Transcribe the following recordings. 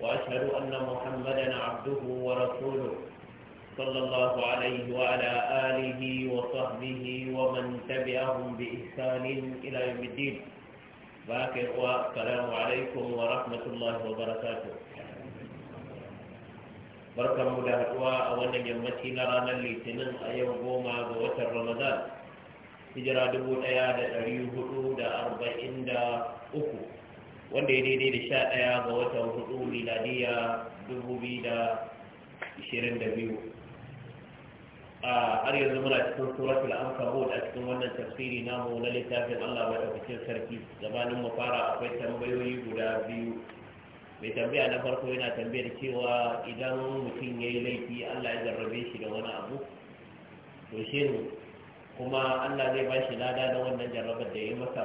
وأشهد أن محمدا عبده ورسوله صلى الله عليه وعلى آله وصحبه ومن تبعهم بإحسان إلى يوم الدين باكر والسلام عليكم ورحمة الله وبركاته barkan mu da haɗuwa a wannan yammaci na ranar litinin a yau goma ga watan ramadan hijira dubu ɗaya da ɗari hudu da arba'in da uku wanda ya daidai da sha ɗaya ga watan hudu miladiya dubu biyu da ishirin da biyu a har yanzu muna cikin suratul ankabut a cikin wannan tafsiri namu na littafin Allah madaukakin sarki gabanin mu fara akwai tambayoyi guda biyu mai tambaya na farko yana tambayar cewa idan mutum ya yi laifi Allah ya zarrabe shi da wani abu to ne kuma Allah zai ba shi lada na wannan jarrabar da ya yi masa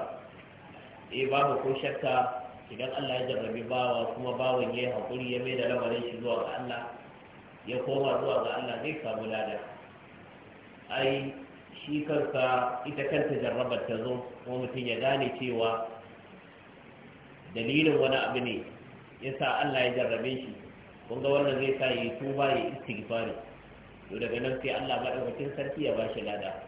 e babu ko shakka idan Allah ya jarrabi bawa kuma bawan ya yi haƙuri ya mai da lamarin shi zuwa ga Allah ya koma zuwa ga Allah zai samu lada ai shi kanka ita kanta jarrabar ta zo kuma mutum ya gane cewa dalilin wani abu ne ya sa Allah ya jarrabe shi kun ga wannan zai sa yi tuba ya istighfari to daga nan sai Allah madaukakin sarki ya ba shi lada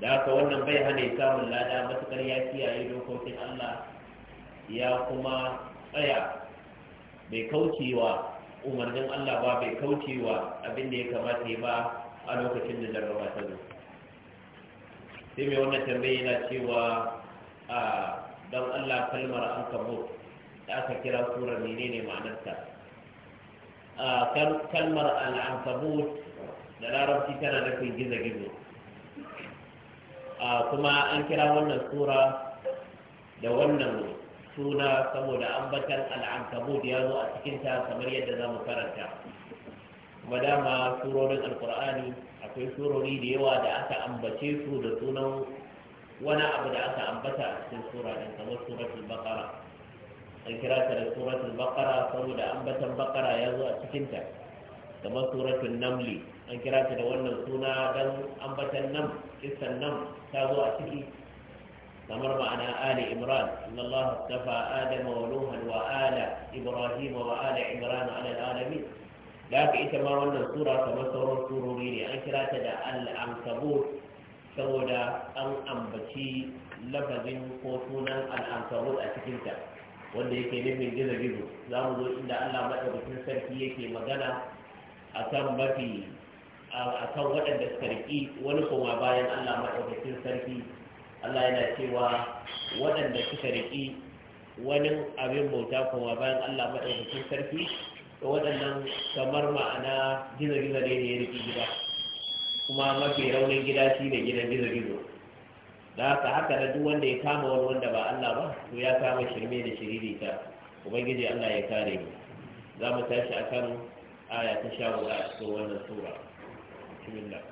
da haka wannan bai hana ya samun lada matukar ya kiyaye dokokin Allah ya kuma tsaya bai kauce wa umarnin Allah ba bai wa abin da ya kamata ya ba a lokacin da jarraba ta zo sai mai wannan tambayi yana cewa a don Allah kalmar an kabo da aka kira sura ne ne ma'anarta a kalmar al'ankabut da larabci tana nufin gizo-gizo kuma an kira wannan sura da wannan suna saboda ambatan al'ankabut ya zo a cikinta kamar yadda za mu karanta kuma dama surorin alkur'ani akwai surori da yawa da aka ambace su da sunan wani abu da aka ambata a cikin sura ɗin kamar suratul baqara an kira ta da suratul baqara saboda ambatan baqara ya zo a cikinta kamar suratul namli an kira ta da wannan suna dan ambatan nam kisan nam ta zo a ciki kamar ma'ana ali imran inna allah tafa adama wa nuhan wa ibrahim wa ala imran ala alamin da haka ita ma wannan sura kamar sauran surori ne an kira ta da al-ankabut saboda an ambaci lafazin ko sunan al-ankabut a cikinta wanda yake nufin gizo-gizo za mu zo inda allah maɗaukakin sarki yake magana akan mafi akan waɗanda sarki wani koma bayan allah maɗaukakin sarki Allah yana cewa waɗanda suka riƙi wani abin bauta kuma bayan Allah maɗaukakin sarki da waɗannan kamar ma'ana gizo-gizo ne da ya riƙi gida kuma mafi raunin gida shi ne gidan gizo-gizo da haka haka na duk wanda ya kama wani wanda ba Allah ba to ya kama shirme da shiririta ubangiji Allah ya kare mu za mu tashi a kan aya ta sha hudu a cikin wannan sura bismillah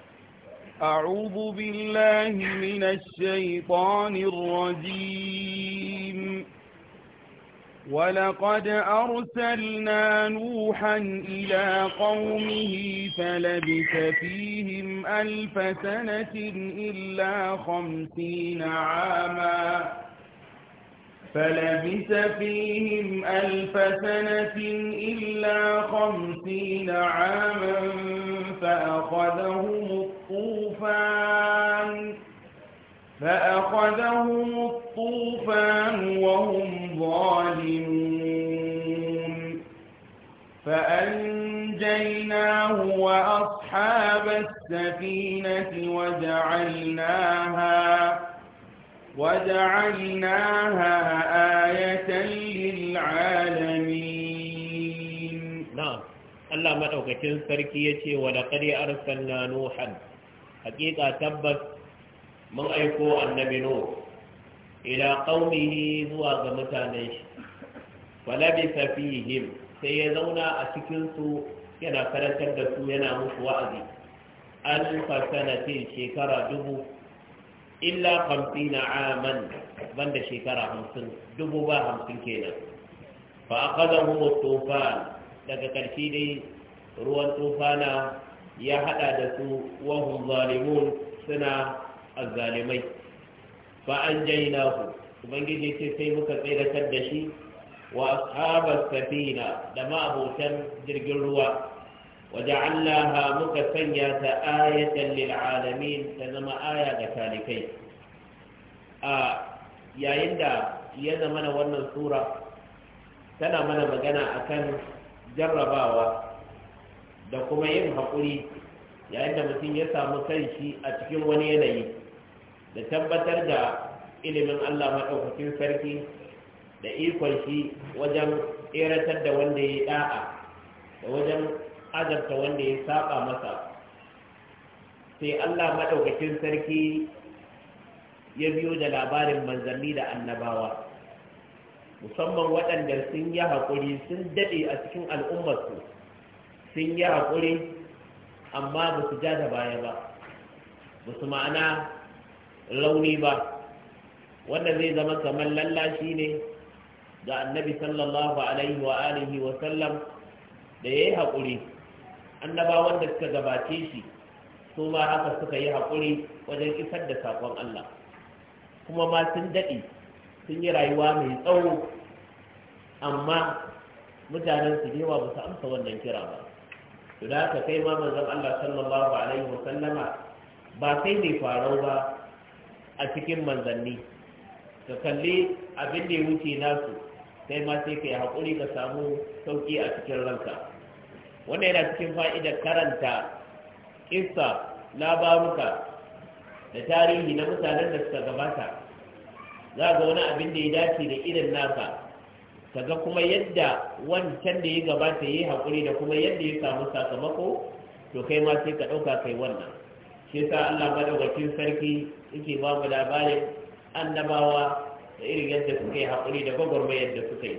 أعوذ بالله من الشيطان الرجيم ولقد أرسلنا نوحا إلى قومه فلبث فيهم ألف سنة إلا خمسين عاماً فلبث فيهم ألف سنة إلا خمسين عاما فأخذهم الطوفان فأخذهم الطوفان وهم ظالمون فأنجيناه وأصحاب السفينة وجعلناها وجعلناها آية للعالمين نعم الله ما أوكتن سركية ولقد أرسلنا نوحا حقيقة تبت من أيكو النبي نوح إلى قومه ذو غمتانيش فلبث فيهم سيزونا أشكنسو yana karantar da su yana musu wa'azi an fasanatin shekara dubu illa hamsina aman banda shekara hamsin dubu ba hamsin kenan fa akhadahum at-tufan daga karshe dai ruwan tufana ya hada da su wahun zalimun suna zalimai fa ku. ubangiji ce sai muka tsiratar da shi wa ashabas safina da ma jirgin ruwa وجعلناها مكسنية آية للعالمين تنما آية كتالكي آه يا يندا يذا من ون الصورة تنا من a أكن jarrabawa, da kuma yin haƙuri yayin da mutum ya samu kanshi a cikin wani yanayi da tabbatar da ilimin Allah maɗaukakin sarki da ikon shi wajen ƙeratar da wanda ya yi ɗa'a da wajen azabta wanda ya saba masa sai Allah madaukakin sarki ya biyo da labarin manzanni da annabawa musamman waɗanda sun yi haƙuri sun daɗe a cikin al'ummarsu sun yi haƙuri amma ba su ja da baya ba ba su ma'ana launi ba wanda zai zama kamar lallashi ne ga annabi sallallahu alaihi wa alihi wa sallam da ya yi haƙuri annabawan da suka gabace shi su ma haka suka yi haƙuri wajen isar da saƙon Allah kuma ma sun daɗe sun yi rayuwa mai tsawo amma mutanen su yawa ba su amsa wannan kira ba to da haka kai ma manzon Allah sallallahu alaihi wa sallama ba sai mai farau ba a cikin manzanni ka kalli abin da ya wuce nasu sai ma sai ka yi haƙuri ka samu sauƙi a cikin ranka wanda yana cikin fa'idar karanta kissa labaruka da tarihi na mutanen da suka gabata za ga wani abin da ya dace da irin nasa ka ga kuma yadda wancan da ya gabata ya yi haƙuri da kuma yadda ya samu sakamako to kai ma sai ka ɗauka kai wannan shi sa Allah maɗaukacin sarki yake ba mu labarin annabawa da irin yadda suka yi haƙuri da gwagwarmayar da suka yi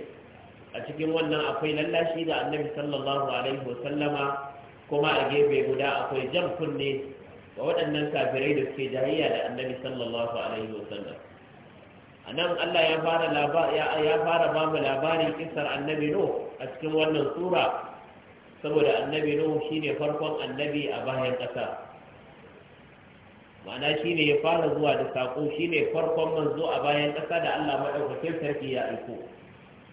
a cikin wannan akwai lallashi da annabi sallallahu alaihi wasallama kuma a gefe guda akwai jan kunne ga waɗannan kafirai da suke jahiyya da annabi sallallahu alaihi wasallam a nan allah ya fara ba mu labarin kisar annabi nuhu a cikin wannan sura saboda annabi nuhu shine farkon annabi a bayan ƙasa ma'ana shine ya fara zuwa da saƙo shine farkon manzo a bayan ƙasa da allah maɗaukakin sarki ya aiko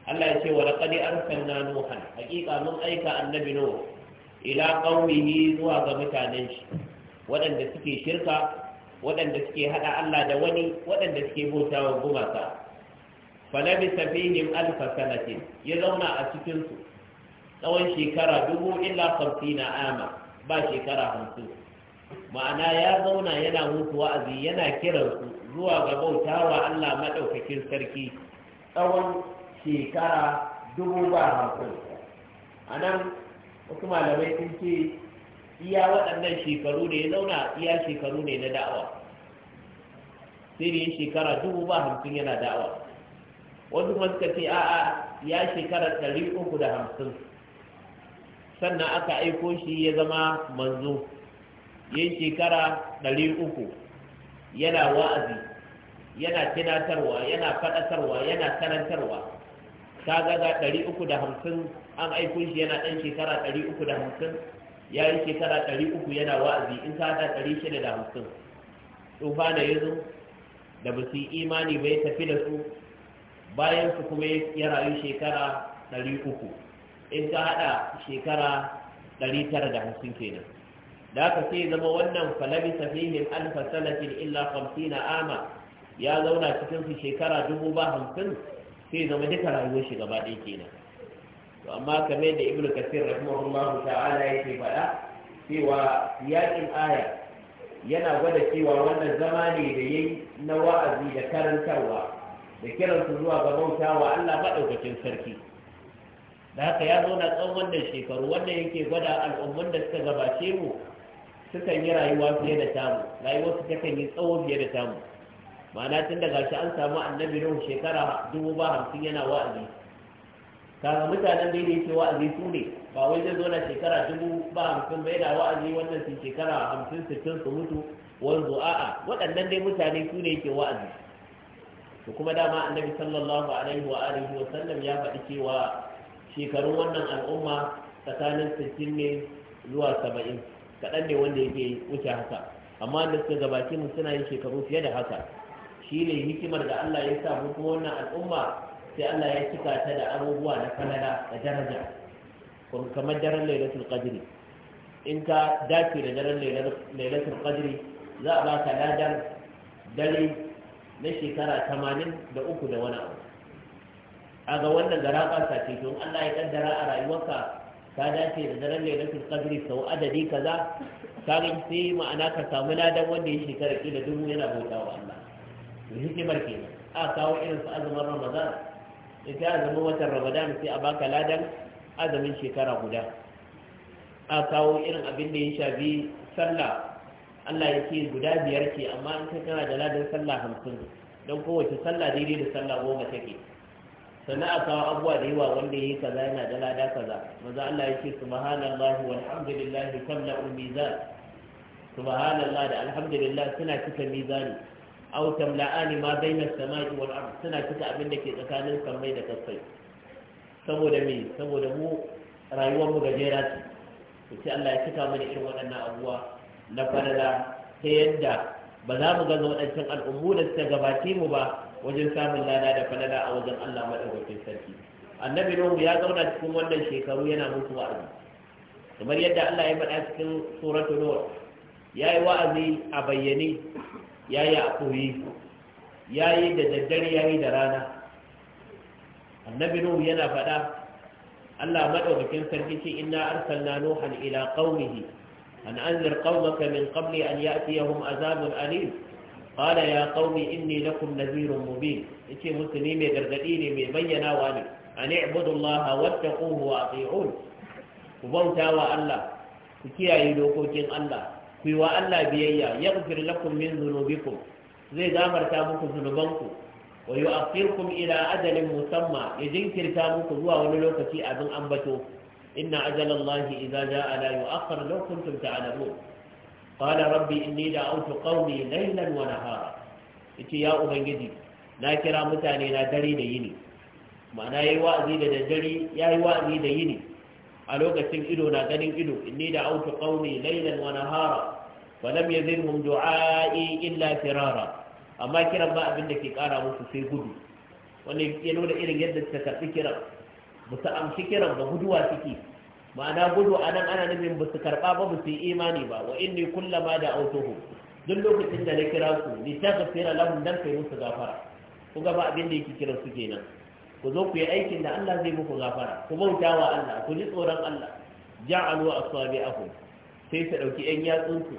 Allah ya ce wa laqad arsalna nuhan hakika mun aika annabi nuh ila qaumihi zuwa ga mutanen shi waɗanda suke shirka waɗanda suke hada Allah da wani waɗanda suke bautawa gumaka falabisa fihim alfa sanatin ya zauna a cikin su tsawon shekara dubu illa na ama ba shekara hamsin ma'ana ya zauna yana mutu wa'azi yana kiransu zuwa ga bautawa Allah madaukakin sarki tsawon shekara dubu ba hamsin a nan wasu malamai sun ce iya waɗannan shekaru ne ya zauna iya shekaru ne na da'awa sai da shekara dubu ba hamsin yana da'awa wasu kuma suka ce a'a ya shekara ɗari uku da hamsin sannan aka aiko shi ya zama manzo ya shekara ɗari uku yana wa'azi yana tinatarwa yana faɗatarwa yana karantarwa ka ga ɗari uku da hamsin an aiko shi yana ɗan shekara ɗari uku da hamsin ya yi shekara ɗari uku yana wa'azi in ka haɗa ɗari shida da hamsin tsufa da ya zo da ba su yi imani bai tafi da su bayan su kuma ya rayu shekara ɗari uku in ka haɗa shekara ɗari tara da hamsin kenan da aka sai zama wannan falabi safihin alfa sanatin illa hamsin ama ya zauna cikin su shekara dubu ba hamsin sai zama duka rayuwar shi gaba ɗaya nan. to amma kame da ibnu kasir rahimahullahu ta'ala yake faɗa cewa yaƙin aya yana gwada cewa wannan zama ne da yayi na wa'azi da karantarwa da kiran kiransu zuwa ga bautawa Allah maɗaukacin sarki da haka ya zo na tsawon wannan shekaru wannan yake gwada al'ummar da suka gabace mu sukan yi rayuwa fiye da tamu rayuwar su takan yi tsawo fiye da tamu ma'ana tun daga shi an samu annabi nuhu shekara dubu ba hamsin yana wa'azi kaga mutanen da yake wa'azi su ne ba wai zai zo na shekara dubu ba hamsin ba yana wa'azi wannan su shekara hamsin sittin su mutu wanzu a'a waɗannan dai mutane su ne yake wa'azi to kuma dama annabi sallallahu alaihi wa alihi wa sallam ya faɗi cewa shekarun wannan al'umma tsakanin sittin ne zuwa saba'in kaɗan ne wanda yake wuce haka amma da suka gabaci mu suna yin shekaru fiye da haka ne hikimar da Allah ya sa mu wannan al'umma sai Allah ya cika ta da abubuwa na falala da daraja kamar daren lailatul qadri in ka dace da daren lailatul qadri za a baka ladan dare na shekara tamanin da uku da wani abu a ga wannan gara ƙasa ce don Allah ya kaddara a rayuwarka ka dace da daren lailatul qadri sau adadi kaza ka sai ma'ana ka samu ladan wanda ya shekara kila dubu yana bautawa Allah hikimar ke a kawo irin su azumin ramadan ita azumin watan ramadan sai a baka ladan azumin shekara guda a kawo irin abin da ya shafi sallah Allah ya ce guda biyar ce amma in kai kana da ladan sallah hamsin don kowace sallah daidai da sallah goma take sannan a kawo abubuwa da yawa wanda ya yi kaza yana da lada kaza maza Allah ya ce subhanallahi walhamdulillahi tamla'ul mizan subhanallah da alhamdulillah suna cika mizani aw tamla'ani ma bayna as-sama'i wal ard suna cika abin da ke tsakanin sammai da kasai saboda me saboda mu rayuwar mu gajera ce to sai Allah ya cika mana irin waɗannan abubuwa na farala ta yadda ba za mu gaza waɗancan al'ummu da suka gabace mu ba wajen samun lada da falala a wajen Allah madaukakin sarki annabi Nuhu ya zauna cikin wannan shekaru yana musu wa'azi kamar yadda Allah ya faɗa cikin suratul Nuh ya yi wa'azi a bayyane ya yi a koyi ya yi da daddare ya yi da rana annabi nuhu yana faɗa allah maɗaukakin sarki ce inna arsalna nuhan ila qaumihi an anzir qaumaka min qabli an ya'tiyahum azabun alim qala ya qaumi inni lakum nadhirun mubin yace musu ni mai gargadi ne mai bayyana wa ne an i'budu allaha wattaquhu wa ati'un ku bauta wa allah ku kiyaye dokokin allah ku yi wa Allah biyayya yaghfir lakum min dhunubikum zai gafarta muku zunubanku wa yu'akhirukum ila ajalin musamman ya jinkirta muku zuwa wani lokaci abin ambato inna ajalallahi idza jaa la yu'akhkhar law kuntum ta'lamun qala rabbi inni da'awtu qawmi laylan wa nahara yace ya ubangiji na kira mutane na dare da yini ma'ana yayi wa'azi da daddare yayi wa'azi da yini a lokacin ido na ganin ido inni da autu qaumi laylan wa nahara falam yazirhum du'a'i illa firara amma kiran ba abin da ke kara musu sai gudu wani ya nuna irin yadda ta karbi kiran ba su amshi kiran ba guduwa suke ma'ana gudu a nan ana nufin ba su karɓa ba ba su yi imani ba wa inni kullama da autohu duk lokacin da na kira su ni ta gafira lahum dan kai musu gafara ku ga ba abin da yake kiran su kenan ku zo ku yi aikin da Allah zai muku gafara ku bauta wa Allah ku ji tsoron Allah ja'alu aku sai su dauki yan yatsunsu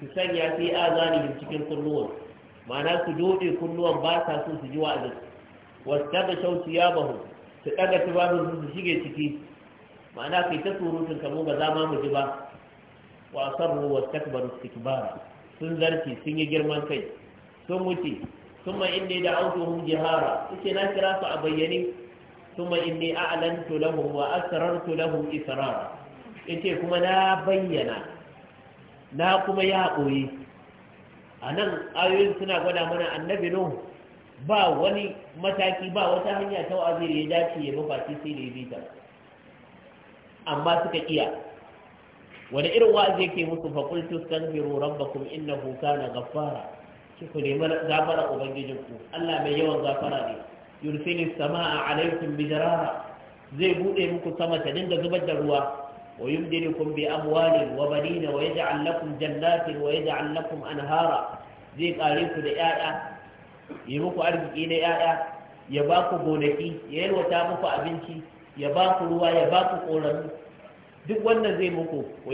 su sanya sai azanihim cikin kulluwan. ma'ana su dode kulluwan ba ta so su ji wa'azi bahu. thiyabahum su daga tubabun su shige ciki ma'ana kai ta surutun kamo ba za ma mu ji ba wa asarru wastakbaru istikbara sun zarti sun yi girman kai sun wuce thumma da da'awtuhum jihara yace na kira su a bayyane thumma inni a'lantu lahum wa asrartu lahum israra yace kuma na bayyana na kuma ya koyi anan ayoyin suna gwada mana annabi nuh ba wani mataki ba wata hanya ta wa'azi da ya dace ya mafaci sai da ya bi ta amma suka iya wani irin wa'azi yake musu fa qultu astaghfiru rabbakum innahu na gafara? ki ku nemi gafara ubangijin ku Allah mai yawan gafara ne yursilis samaa alaikum bijarara zai bude muku sama ta dinga zubar da ruwa wa kun bi amwalin wa banina wa yaj'al lakum jannatin wa yaj'al lakum anhara zai kare ku da 'ya'ya, yi muku arziki da 'ya'ya, ya ba ku gonaki ya yi wata muku abinci ya ba ku ruwa ya ba ku koramu duk wannan zai muku wa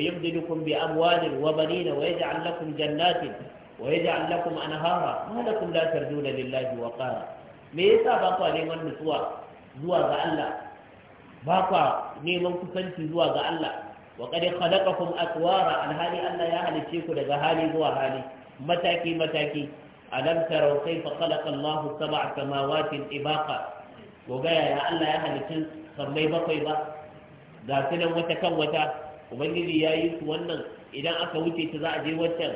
kun bi amwalin wa banina wa yaj'al lakum jannatin ويجعل لكم أنهارا ما لكم لا ترجون لله وقارا me yasa ba kwa neman nutsuwa zuwa ga Allah ba kwa neman kusanci zuwa ga Allah wa qad khalaqakum atwara alhali Allah ya halice ku daga hali zuwa hali mataki mataki alam taraw kayfa khalaqa Allahu sab'a samawati ibaqa ko ga ya Allah ya halice sammai bakwai ba ga su wata kan wata ubangiji yayi su wannan idan aka wuce ta za a je wancan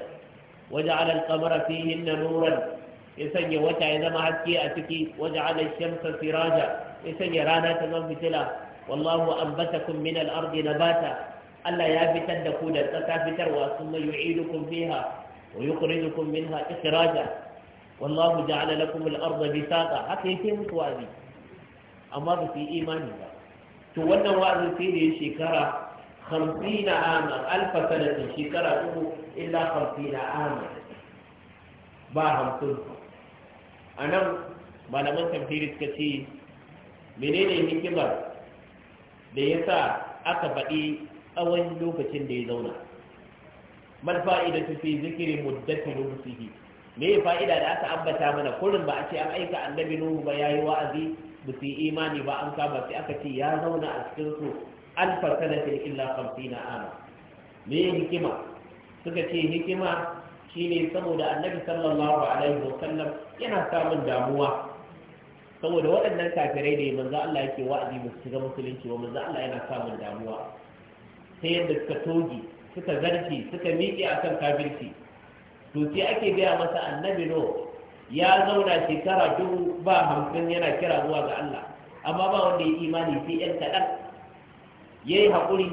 وجعل القمر فيهن نورا يسني وتا إذا ما حكي أتكي وجعل الشمس سراجا يسني رانا تزم فتلا والله أنبتكم من الأرض نباتا ألا يابتا دكودا تكافتر ثم يعيدكم فيها ويخرجكم منها إخراجا والله جعل لكم الأرض بساطا حقيقين سوازي أما في إيماني to wannan wa'azin sai da ya shekara خمسين shekara ألف illa شكرته إلا خمسين عاما با A nan, malaman tafsiri suka ce menene hikimar da ya sa aka faɗi tsawon lokacin da ya zauna Man fa'ida ta fi zikirin muddatin rusuhi me ya fa'ida da aka ambata mana kurin ba a ce an aika annabi nuhu ba yayi wa'azi ba su imani ba an kama sai aka ce ya zauna a cikin su alfa sanatin illa na ama me hikima suka ce hikima shine saboda annabi sallallahu alaihi sallam yana samun damuwa saboda waɗannan kafirai ne manzo Allah yake wa'azi musu shiga musulunci wa manzo Allah yana samun damuwa sai yadda suka togi suka zarci suka miƙe akan kafirci to sai ake gaya masa annabi no ya zauna shekara dubu ba hamsin yana kira zuwa ga Allah amma ba wanda ya imani sai yan kaɗan yi hakuri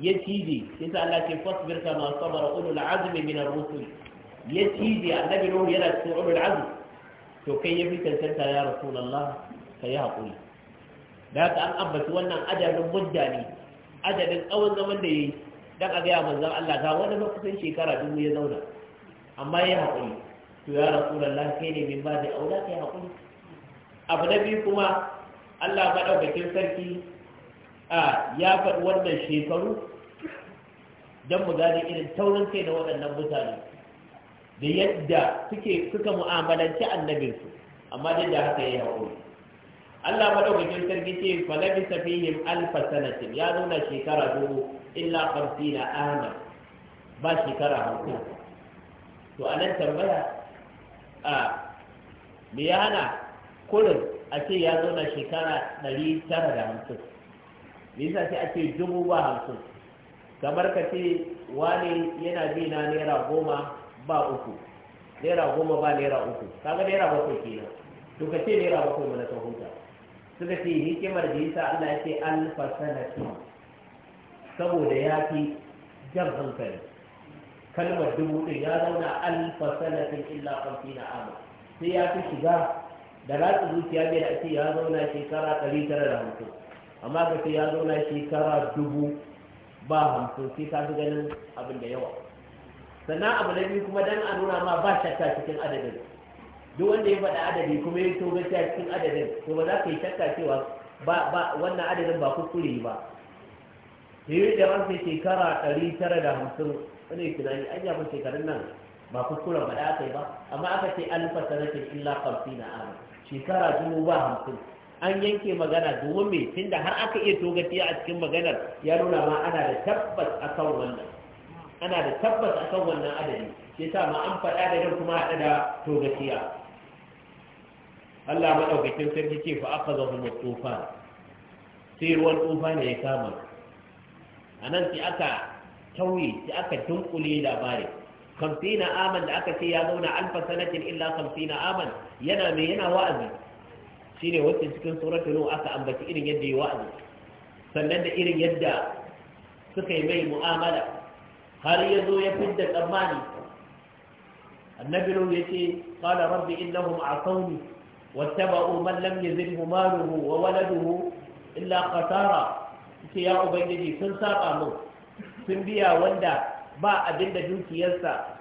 ya cije ya sa Allah ce fasbir kama sabara ulul azmi min ar-rusul ya cije annabi Nuhu yana cikin ulul azmi to kai ya fi tantanta ya rasulullah yi hakuri da ka an ambaci wannan adadin mudda ne adadin tsawon zaman da yayi dan a ga manzon Allah ga wani lokacin shekara dubu ya zauna amma ya hakuri to ya rasulullah kai ne min ba da aula kai hakuri abu na biyu kuma Allah madaukakin sarki a ya faɗi wannan shekaru don mu gane irin taurin kai na waɗannan mutane da yadda suke suka mu'amalanci annabinsu amma dai da haka ya yi haƙuri Allah maɗaukakin sarki ce falabi fihim alfa sanatin ya zauna shekara dubu illa na ana ba shekara hamsin to a nan tambaya a miyana hana kurin a ce ya zauna shekara ɗari tara da hamsin me sai ake dubu ba hamsin kamar ka ce wani yana bi na naira goma ba uku naira goma ba naira uku kaga naira bakwai kenan to ka ce naira bakwai mana ta huta suka ce hikimar da yasa Allah ya ce alfa sanati saboda ya fi jan hankali kalmar dubu din ya zauna alfa sanatin illa na amma sai ya fi shiga da ratsa zuciya bai da ake ya zauna shekara ɗari tara da hamsin amma ka sai ya zauna shekara dubu ba hamsin sai ka fi ganin abin da yawa sannan abu na biyu kuma dan a nuna ma ba shakka cikin adadin duk wanda ya faɗa adadi kuma ya tobe ta cikin adadin to ba za ka yi shakka cewa ba ba wannan adadin ba kuskure ba yi da ran sai shekara ɗari tara da hamsin wani tunani an yafa shekarun nan ba kuskuren ba da aka yi ba amma aka ce alfa sanatin illa kamsi na shekara dubu ba hamsin an yanke magana domin me da har aka iya togatiya a cikin maganar ya nuna ma ana da tabbas akan wannan ana da tabbas akan wannan adadi shi sa ma an faɗa da nan kuma haɗa da togatiya Allah madaukakin sarki ce fa aka zafi mutufa sai ruwan tufa ne ya kama a nan sai aka tauye sai aka dunkule labarin kamfina aman da aka ce ya zauna alfa sanatin illa kamfina aman yana mai yana wa'azi ne wacce cikin suratul nuh aka ambaci irin yadda ya wa'azi sannan da irin yadda suka yi mai mu'amala har ya zo ya fidda tsammani annabi nuh yace qala rabbi innahum asawni wattaba'u man lam yazilhu maluhu wa waladuhu illa ƙasara, yace ya ubangiji sun saba mu sun biya wanda ba abin da dukiyarsa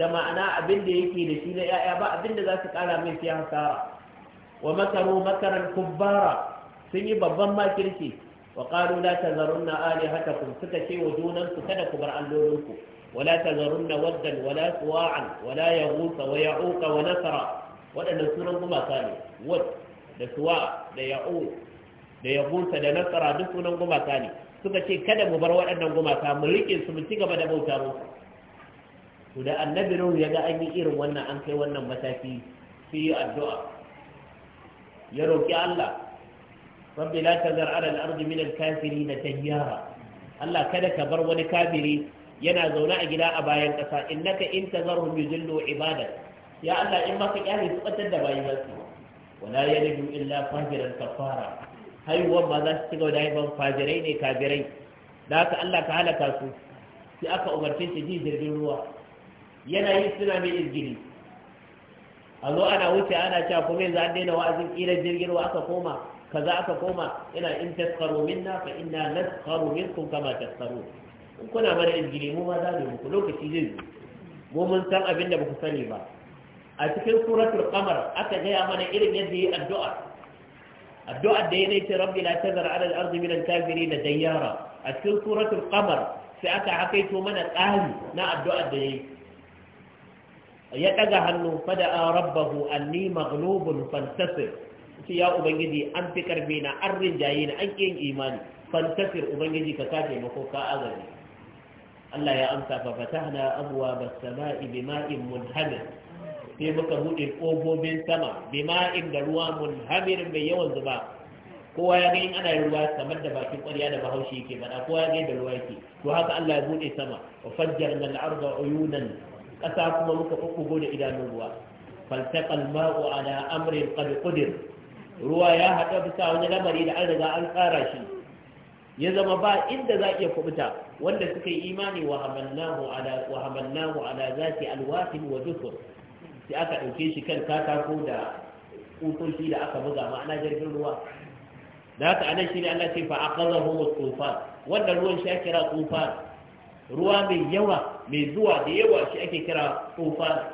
da ma'ana abin da yake da shi na 'ya'ya ba abin da za su kara mai fiye hasara wa makaru makaran kubbara sun yi babban makirci wa qalu la tazarunna alihatakum suka ce wa junan su kada ku bar allolinku wala tazarunna waddan wala suwa'an wala yaghus wa ya'uq wa nasra wadannan sunan gumaka ne wad da suwa da ya'uq da yaghus da nasra duk sunan gumaka ne suka ce kada mu bar waɗannan gumaka mu rike su mu ci gaba da bauta musu to da annabi ruhu ya ga an yi irin wannan an kai wannan mataki sai yi addu'a ya roƙi Allah rabbi la tazar ala al-ardi min al-kafirin tayyara Allah kada ka bar wani kafiri yana zaune a gida a bayan kasa innaka in tazarhum yudillu ibadak ya Allah in baka kyale su batar da bayin su wala yalidu illa fajiran kafara Haihuwar ba za su ci gaba da haifan fajirai ne kafirai da haka Allah ka halaka su sai aka umarce shi ji jirgin ruwa yana yi suna mai izgili a zo ana wuce ana cewa kuma yanzu an daina wa'azin ƙirar jirgin ruwa aka koma kaza aka koma ina in taskaru minna fa inna naskaru minkum kama taskaro. in kuna mana izgiri mu ma za mu muku lokaci zai zo mu mun san abin da baku sani ba a cikin suratul qamar aka gaya mana irin yadda yi addu'a addu'a da yayi ce rabbi la tazar ala al-ardi min al-kafirin dayyara a cikin suratul qamar sai aka hakaito mana tsari na addu'a da yayi ya ɗaga hannu fada'a rabbahu anni maghlubun fantasir sai ya ubangiji an fi karbe na an rinjaye na an yin imani fantasir ubangiji ka kace mako ka azali Allah ya amsa fa fatahna abwaaba as bima'in munhamir sai muka buɗe kofofin sama bima'in da ruwa munhamir mai yawan zuba kowa ya ga in ana yi ruwa kamar da bakin ƙwarya da bahaushe yake bada kowa ya ga da ruwa yake to haka Allah ya buɗe sama wa fajjarna al-arda uyunan ƙasa kuma muka kukkugo da idanun ruwa faltaqal ma'u ala amrin qad qudir ruwa ya haɗa bisa wani lamari da an riga an tsara shi ya zama ba inda za iya kubuta wanda suka yi imani wa hamalnahu ala wa wa dusur sai aka ɗauke shi kan katako da kutoshi da aka buga ma'ana jirgin ruwa da haka anan shi ne Allah ce fa aqadahu tufan Wanda ruwan shakira tufan ruwa mai yawa mai zuwa da yawa shi ake kira tufana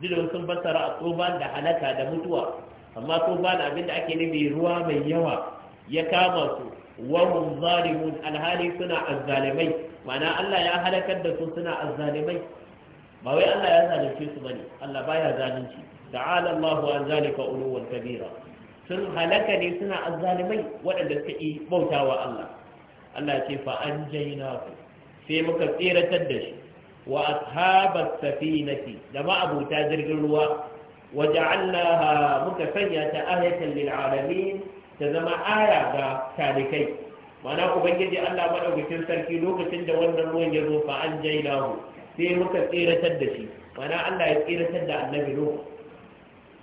duk sun fassara a tsofan da halaka da mutuwa amma tsofan abinda ake nufi ruwa mai yawa ya kama su wahum zalimun alhali suna azzalimai mana Allah ya halakar da su suna azzalimai ba wai Allah ya zalunce su bane Allah baya zalunci ta'ala Allahu an zalika uluwan kabira sun halaka ne suna azzalimai waɗanda suka yi bautawa Allah Allah ce fa an jaina ku sai muka tseratar da shi wa ashabat safinati da ma'abuta jirgin ruwa wa ja'alnaha muka sanya ta ayatan lil alamin ta zama aya ga talikai mana ubangiji Allah madaukakin sarki lokacin da wannan ruwan ya zo fa an jailahu sai muka tseratar da shi mana Allah ya tseratar da annabi Nuh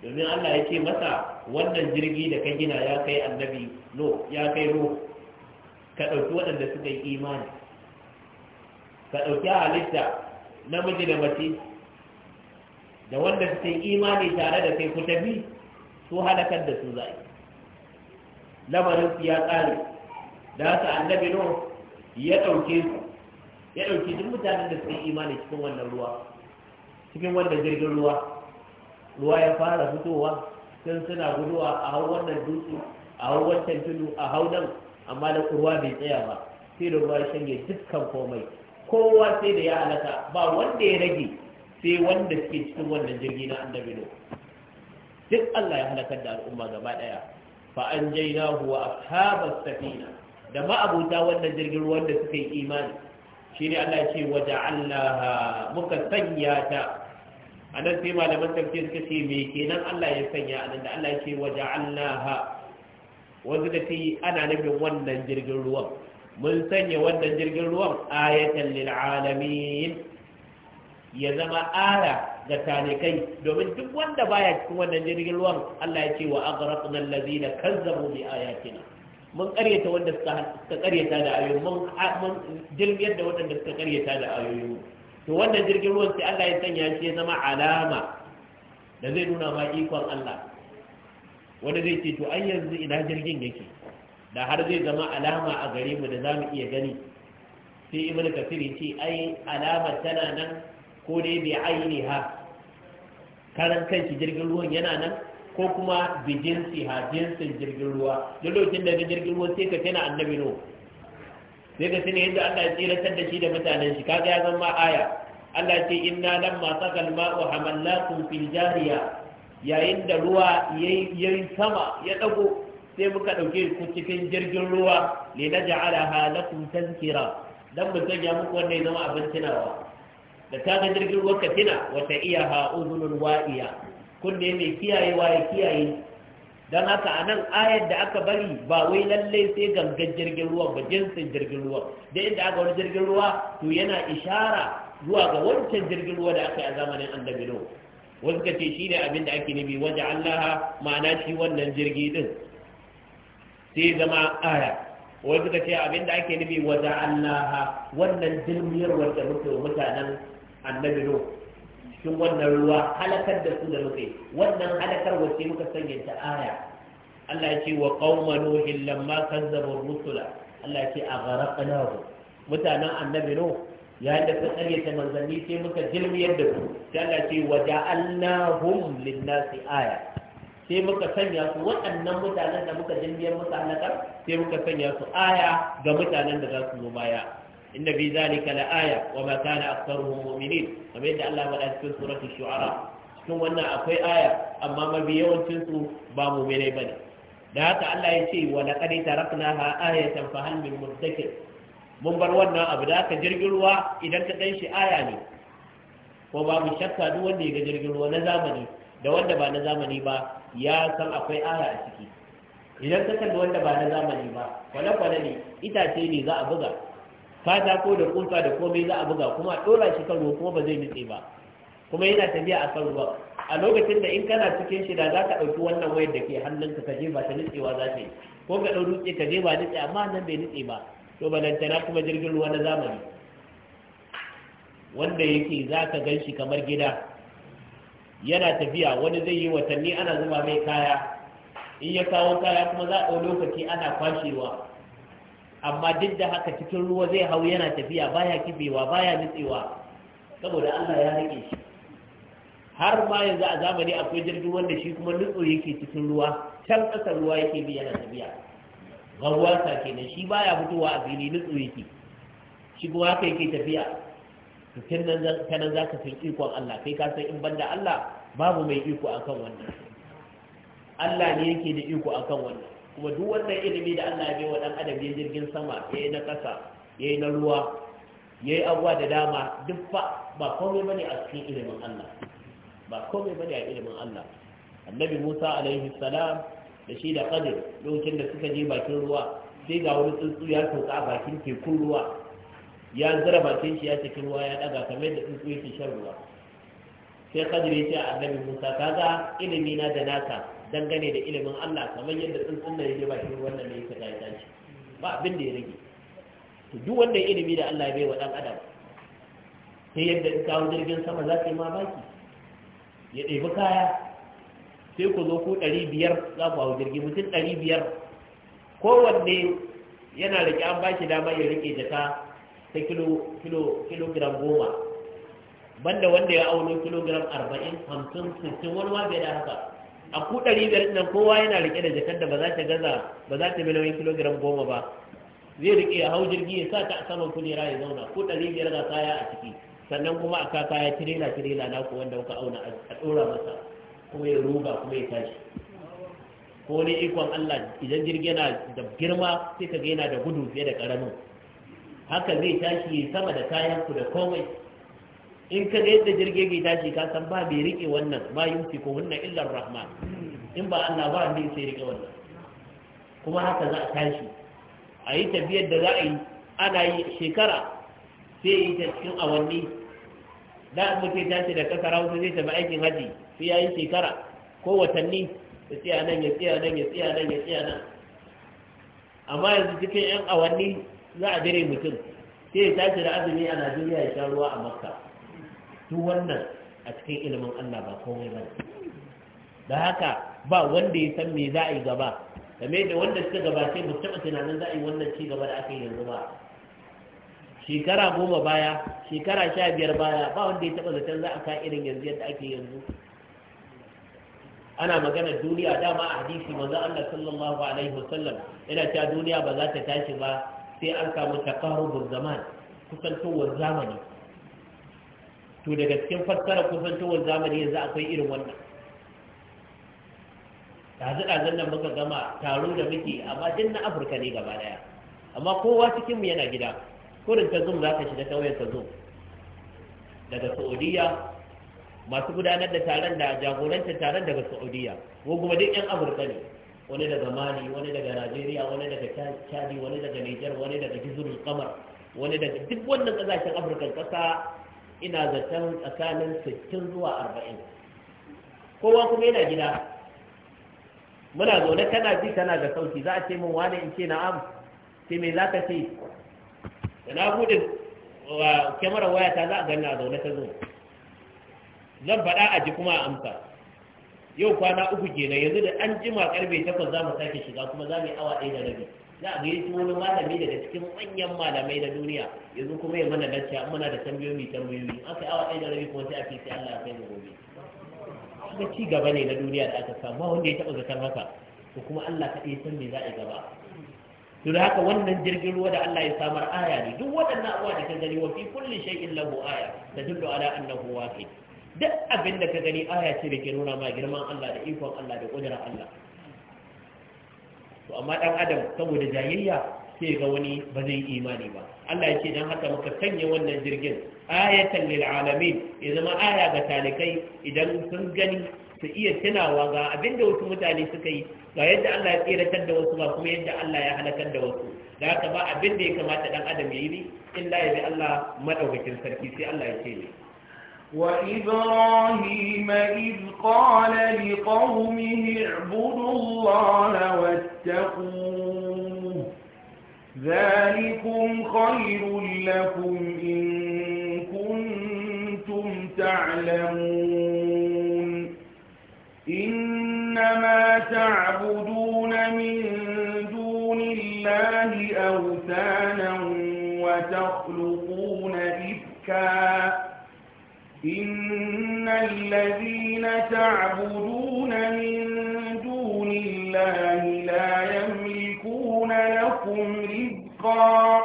domin Allah ya ce masa wannan jirgi da ka gina ya kai annabi no? ya kai Nuh ka ɗauki waɗanda suka yi imani ka ɗauki halitta namiji da mace da wanda suke imani tare da kai ku tafi su halakar da su zai lamarin su ya tsare da haka annabi no ya ɗauke su ya ɗauki duk mutanen da suke imani cikin wannan ruwa cikin wannan jirgin ruwa ruwa ya fara fitowa sun suna guduwa a hau wannan dutse a hau wancan tudu a hau nan amma da ruwa bai tsaya ba sai da ruwa ya shanye dukkan komai kowa sai da ya halaka ba wanda ya rage sai wanda suke cikin wannan jirgi na annabi ne. duk Allah ya halakar da al'umma gaba daya fa an jaina huwa ashabas safina da ma abuta wannan jirgin ruwan da suka yi imani shine Allah ya ce wa ja'alnaha muka sanya ta a sai malaman tafsir suka ce me kenan Allah ya sanya anan da Allah ya ce wa ja'alnaha wanda da ta ana nufin wannan jirgin ruwan mun sanya wannan jirgin ruwan ayatan lil alamin ya zama ara ga talikai domin duk wanda baya cikin wannan jirgin ruwan Allah ya ce wa aghraqna allazina kazzabu bi ayatina mun karyata wanda suka karyata da ayoyi mun jirgin da waɗanda suka karyata da ayoyi to wannan jirgin ruwan sai Allah ya sanya shi ya zama alama da zai nuna ma ikon Allah wanda zai ce to an yanzu ina jirgin yake da har zai zama alama a gare mu da za mu iya gani sai ibn kafir ce ai alama tana nan ko dai bi aini ha karan kanki jirgin ruwan yana nan ko kuma bi jinsi ha jinsin jirgin ruwa da lokacin da ga jirgin ruwa sai ka tana annabi no sai ka tana yadda Allah ya tsiratar da shi da mutanen shi kaga ya zama aya Allah ya ce inna lamma saqal ma'u hamallakum fil jariya yayin da ruwa yayi sama ya dago sai muka ɗauke ku cikin jirgin ruwa ne na ja'ala halakun tazkira don mu sanya muku wannan zama abin tunawa da ta ga jirgin ruwa ka tuna wata iya ha uzunun wa'iya kunne mai kiyaye wa ya kiyaye don haka a nan ayar da aka bari ba wai lalle sai gangan jirgin ruwa ba jinsin jirgin ruwa da inda aka wani jirgin ruwa to yana ishara zuwa ga wancan jirgin ruwa da aka yi a zamanin annabi wasu ka ce shine abin da ake nufi wajen allaha ma'ana shi wannan jirgi din sai zama aya wai suka ce abinda ake nufi wa ja'alnaha wannan dirmiyarwar da muke wa mutanen annabi no cikin wannan ruwa halakar da su da muke wannan halakar wacce muka sanya ta aya Allah ya ce wa qauma nuhin lamma kazzabu rusula Allah ya ce a gharaqnahu mutanen annabi no yayin da suka ta manzanni sai muka dilmiyar da su sai Allah ya ce wa ja'alnahum lin-nasi aya sai muka sanya su waɗannan mutanen da muka jimbiyar musu halakar sai muka sanya su aya ga mutanen da za su zo baya inna fi zalika la aya wa ma kana aktharuhum mu'minin kamar yadda Allah ya faɗa cikin suratul shu'ara cikin wannan akwai aya amma mabi yawancin su ba mu'minai bane da haka Allah ya ce wa laqad taraknaha ayatan fa hal min muddakir mun bar wannan abu da aka jirgin ruwa idan ka danshi aya ne ko babu shakka duk wanda ya ga jirgin ruwa na zamani da wanda ba na zamani ba ya san akwai ara a ciki idan ka kalli wanda ba na zamani ba kwale-kwale ne itace ne za a buga ko da kusa da komai za a buga kuma a ɗora shi kan ruwa kuma ba zai nutse ba kuma yana tafiya a kan ruwa a lokacin da in kana cikin shi da za ka ɗauki wannan wayar da ke hannunka ka je ba ta nutsewa za ta yi ko ka ɗau nutse ka je ba nutse amma nan bai nutse ba to balantana kuma jirgin ruwa na zamani wanda yake za ka gan shi kamar gida yana tafiya wani zai yi watanni ana zuba mai kaya in ya kawo kaya kuma za a lokaci ana kwashewa amma duk da haka cikin ruwa zai hau yana tafiya baya kibewa baya nutsewa saboda Allah ya rike shi har ma yanzu a zamani akwai jirgin wanda shi kuma nutso yake cikin ruwa can ƙasar ruwa yake bi yana tafiya gawarsa kenan shi baya fitowa a fili nutso yake shi kuma haka yake tafiya to ta nan za ka fi ikon Allah kai ka san in banda Allah babu mai iko akan wannan Allah ne yake da iko akan wannan kuma duk wannan ilimi da Allah ya bai wa dan adam ya jirgin sama ya yi na ƙasa ya yi na ruwa ya yi abuwa da dama duk ba ba komai bane a cikin ilimin Allah ba komai bane a ilimin Allah annabi Musa alaihi salam da shi da kadir lokacin da suka je bakin ruwa sai ga wani tsuntsu ya sauka a bakin tekun ruwa ya zura bakin shi ya ce ruwa ya daga kamar da tsuntsu yake shan ruwa sai kadiri ya ce a gani musa kaga ilimi na da naka dangane da ilimin allah kamar yadda tsuntsun da yake bakin ruwan nan ne yake ta tashi ba abin da ya rage to duk wannan ilimi da allah ya bai wa dan adam sai yadda in kawo jirgin sama za ka yi ma baki. ya ɗebi kaya sai ku zo ku ɗari biyar za ku hau jirgi mutum ɗari biyar kowanne yana riƙe an ba shi dama ya rike jaka ta gram goma banda wanda ya auno kilogiram arba'in hamsin sittin wani ma bai da haka a ku ɗari biyar nan kowa yana rike da jakar da ba za ta gaza ba za ta bi nauyin gram goma ba zai rike a hau jirgi ya sa ta a saman kujera ya zauna ku ɗari biyar na kaya a ciki sannan kuma a ka kaya tirela tirela na ku wanda kuka auna a ɗora masa kuma ya ruga kuma ya tashi ko ne ikon Allah idan jirgi yana da girma sai ka ga yana da gudu fiye da ƙaramin haka zai tashi sama da kayan ku da komai in ka ga yadda jirgin ke tashi ka san ba mai rike wannan ma yumsi ko wannan illar rahman in ba Allah ba ne sai rike wannan kuma haka za a tashi a yi tafiyar da za a yi ana yi shekara sai yi ta cikin awanni da mutum tashi da kasa rahu zai tafi aikin haji sai ya yi shekara ko watanni ya tsaya nan ya tsaya nan ya tsaya nan ya tsaya nan amma yanzu cikin 'yan awanni za a dare mutum sai ya tashi da azumi a najeriya ya sha ruwa a makka Tun wannan a cikin ilimin allah ba komai ba da haka ba wanda ya san me za a yi gaba game da wanda suka gabace ba taɓa tunanin za a yi wannan ci gaba da aka yi yanzu ba shekara goma baya shekara sha biyar baya ba wanda ya taɓa zaton za a kai irin yanzu yadda ake yanzu ana magana duniya dama a hadisi manzo Allah sallallahu alaihi wasallam yana cewa duniya ba za ta tashi ba sai an samu da zaman kusantowar zamani to daga cikin fassara kusantowar zamani yanzu akwai irin wannan dazu dazun nan muka gama taro da muke amma din na Afirka ne gaba daya amma kowa cikin mu yana gida kurin ta zoom zaka shiga ta wayar ta zoom daga Saudiya masu gudanar da taron da jagorancin taron daga Saudiya ko kuma duk yan Afirka ne wani daga Mali wani daga najeriya wani daga chadi wani daga niger wani daga jizurul kamar wani daga duk wannan kasashen afirka kasa ina zaton tsakanin 60 zuwa 40 kowa kuma yana gida muna zaune kana ji kana ga sauki za a ce min wani in ce na'am sai me za ka ce da na bude kyamarar wayata za a ganna zaune ta zo zan faɗa a ji kuma a amsa yau kwana uku kenan yanzu da an jima karfe takwas za mu sake shiga kuma za mu yi awa ɗaya da rabi za a gayyaci wani malami daga cikin manyan malamai na duniya yanzu kuma ya mana lacca muna da tambayoyi tambayoyi kai awa ɗaya da rabi kuma sai a fi sai Allah ya kai mu gobe ga ci gaba ne na duniya da aka samu wanda ya taɓa zaton haka ko kuma Allah ka iya san me za a yi gaba to da haka wannan jirgin ruwa da Allah ya samar aya ne duk waɗannan abuwa da ka gani wa fi kulli shay'in lahu aya da ala annahu wahid duk abin da ka gani aya ce da ke nuna ma girman Allah da ikon Allah da ƙudurar Allah to amma ɗan adam saboda jayayya sai ga wani ba zai imani ba Allah ya ce don haka muka sanya wannan jirgin ayatan lil alamin ya zama aya ga talikai idan sun gani su iya tunawa ga abin da wasu mutane suka yi ga yadda Allah ya tseratar da wasu ba kuma yadda Allah ya halakar da wasu da haka ba abin da ya kamata ɗan adam ya yi illa ya bi Allah maɗaukacin sarki sai Allah ya ce ne وإبراهيم إذ قال لقومه اعبدوا الله واتقوه ذلكم خير لكم إن كنتم تعلمون إنما تعبدون من دون الله أوثانا وتخلقون إفكاً إن الذين تعبدون من دون الله لا يملكون لكم رزقا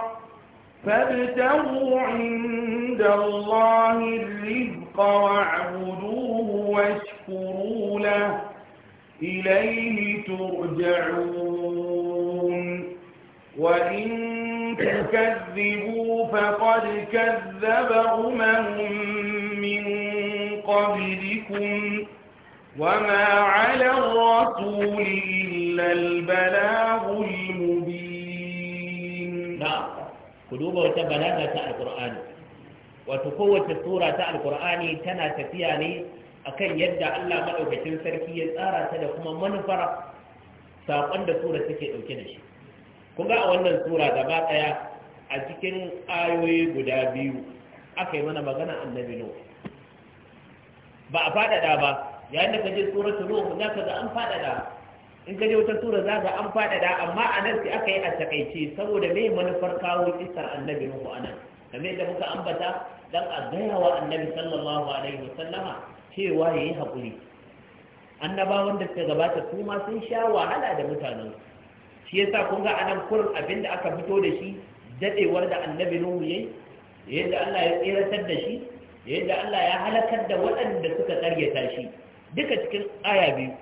فابتغوا عند الله الرزق واعبدوه واشكروا له إليه ترجعون وإن تكذبوا فقد كذب أمم من قبلكم وما على الرسول إلا البلاغ المبين نعم قلوبة وتبلاغة القرآن وتقوة السورة القرآن تنا تفياني أكن يدع الله ملوك تنسر كي يتارى تدخم منفرة ساقند سورة تكي أوكينشي kun a wannan sura gaba daya a cikin ayoyi guda biyu aka yi mana magana annabi nuhu ba a fadada ba yayin da kaje ta nuhu za ka ga an fadada in kaje wata sura za ka an fadada amma a nan sai aka yi a takaice saboda me manufar kawo kisar annabi a anan kamar da muka ambata dan a gaya wa annabi sallallahu alaihi wasallama cewa yayi hakuri annabawan da suka gabata su ma sun sha wahala da mutanen shi yasa kun ga anan kurin abin da aka fito da shi daɗewar da annabi nuhu yayi yadda Allah ya tsiratar da shi yadda Allah ya halakar da waɗanda suka karyata shi duka cikin aya biyu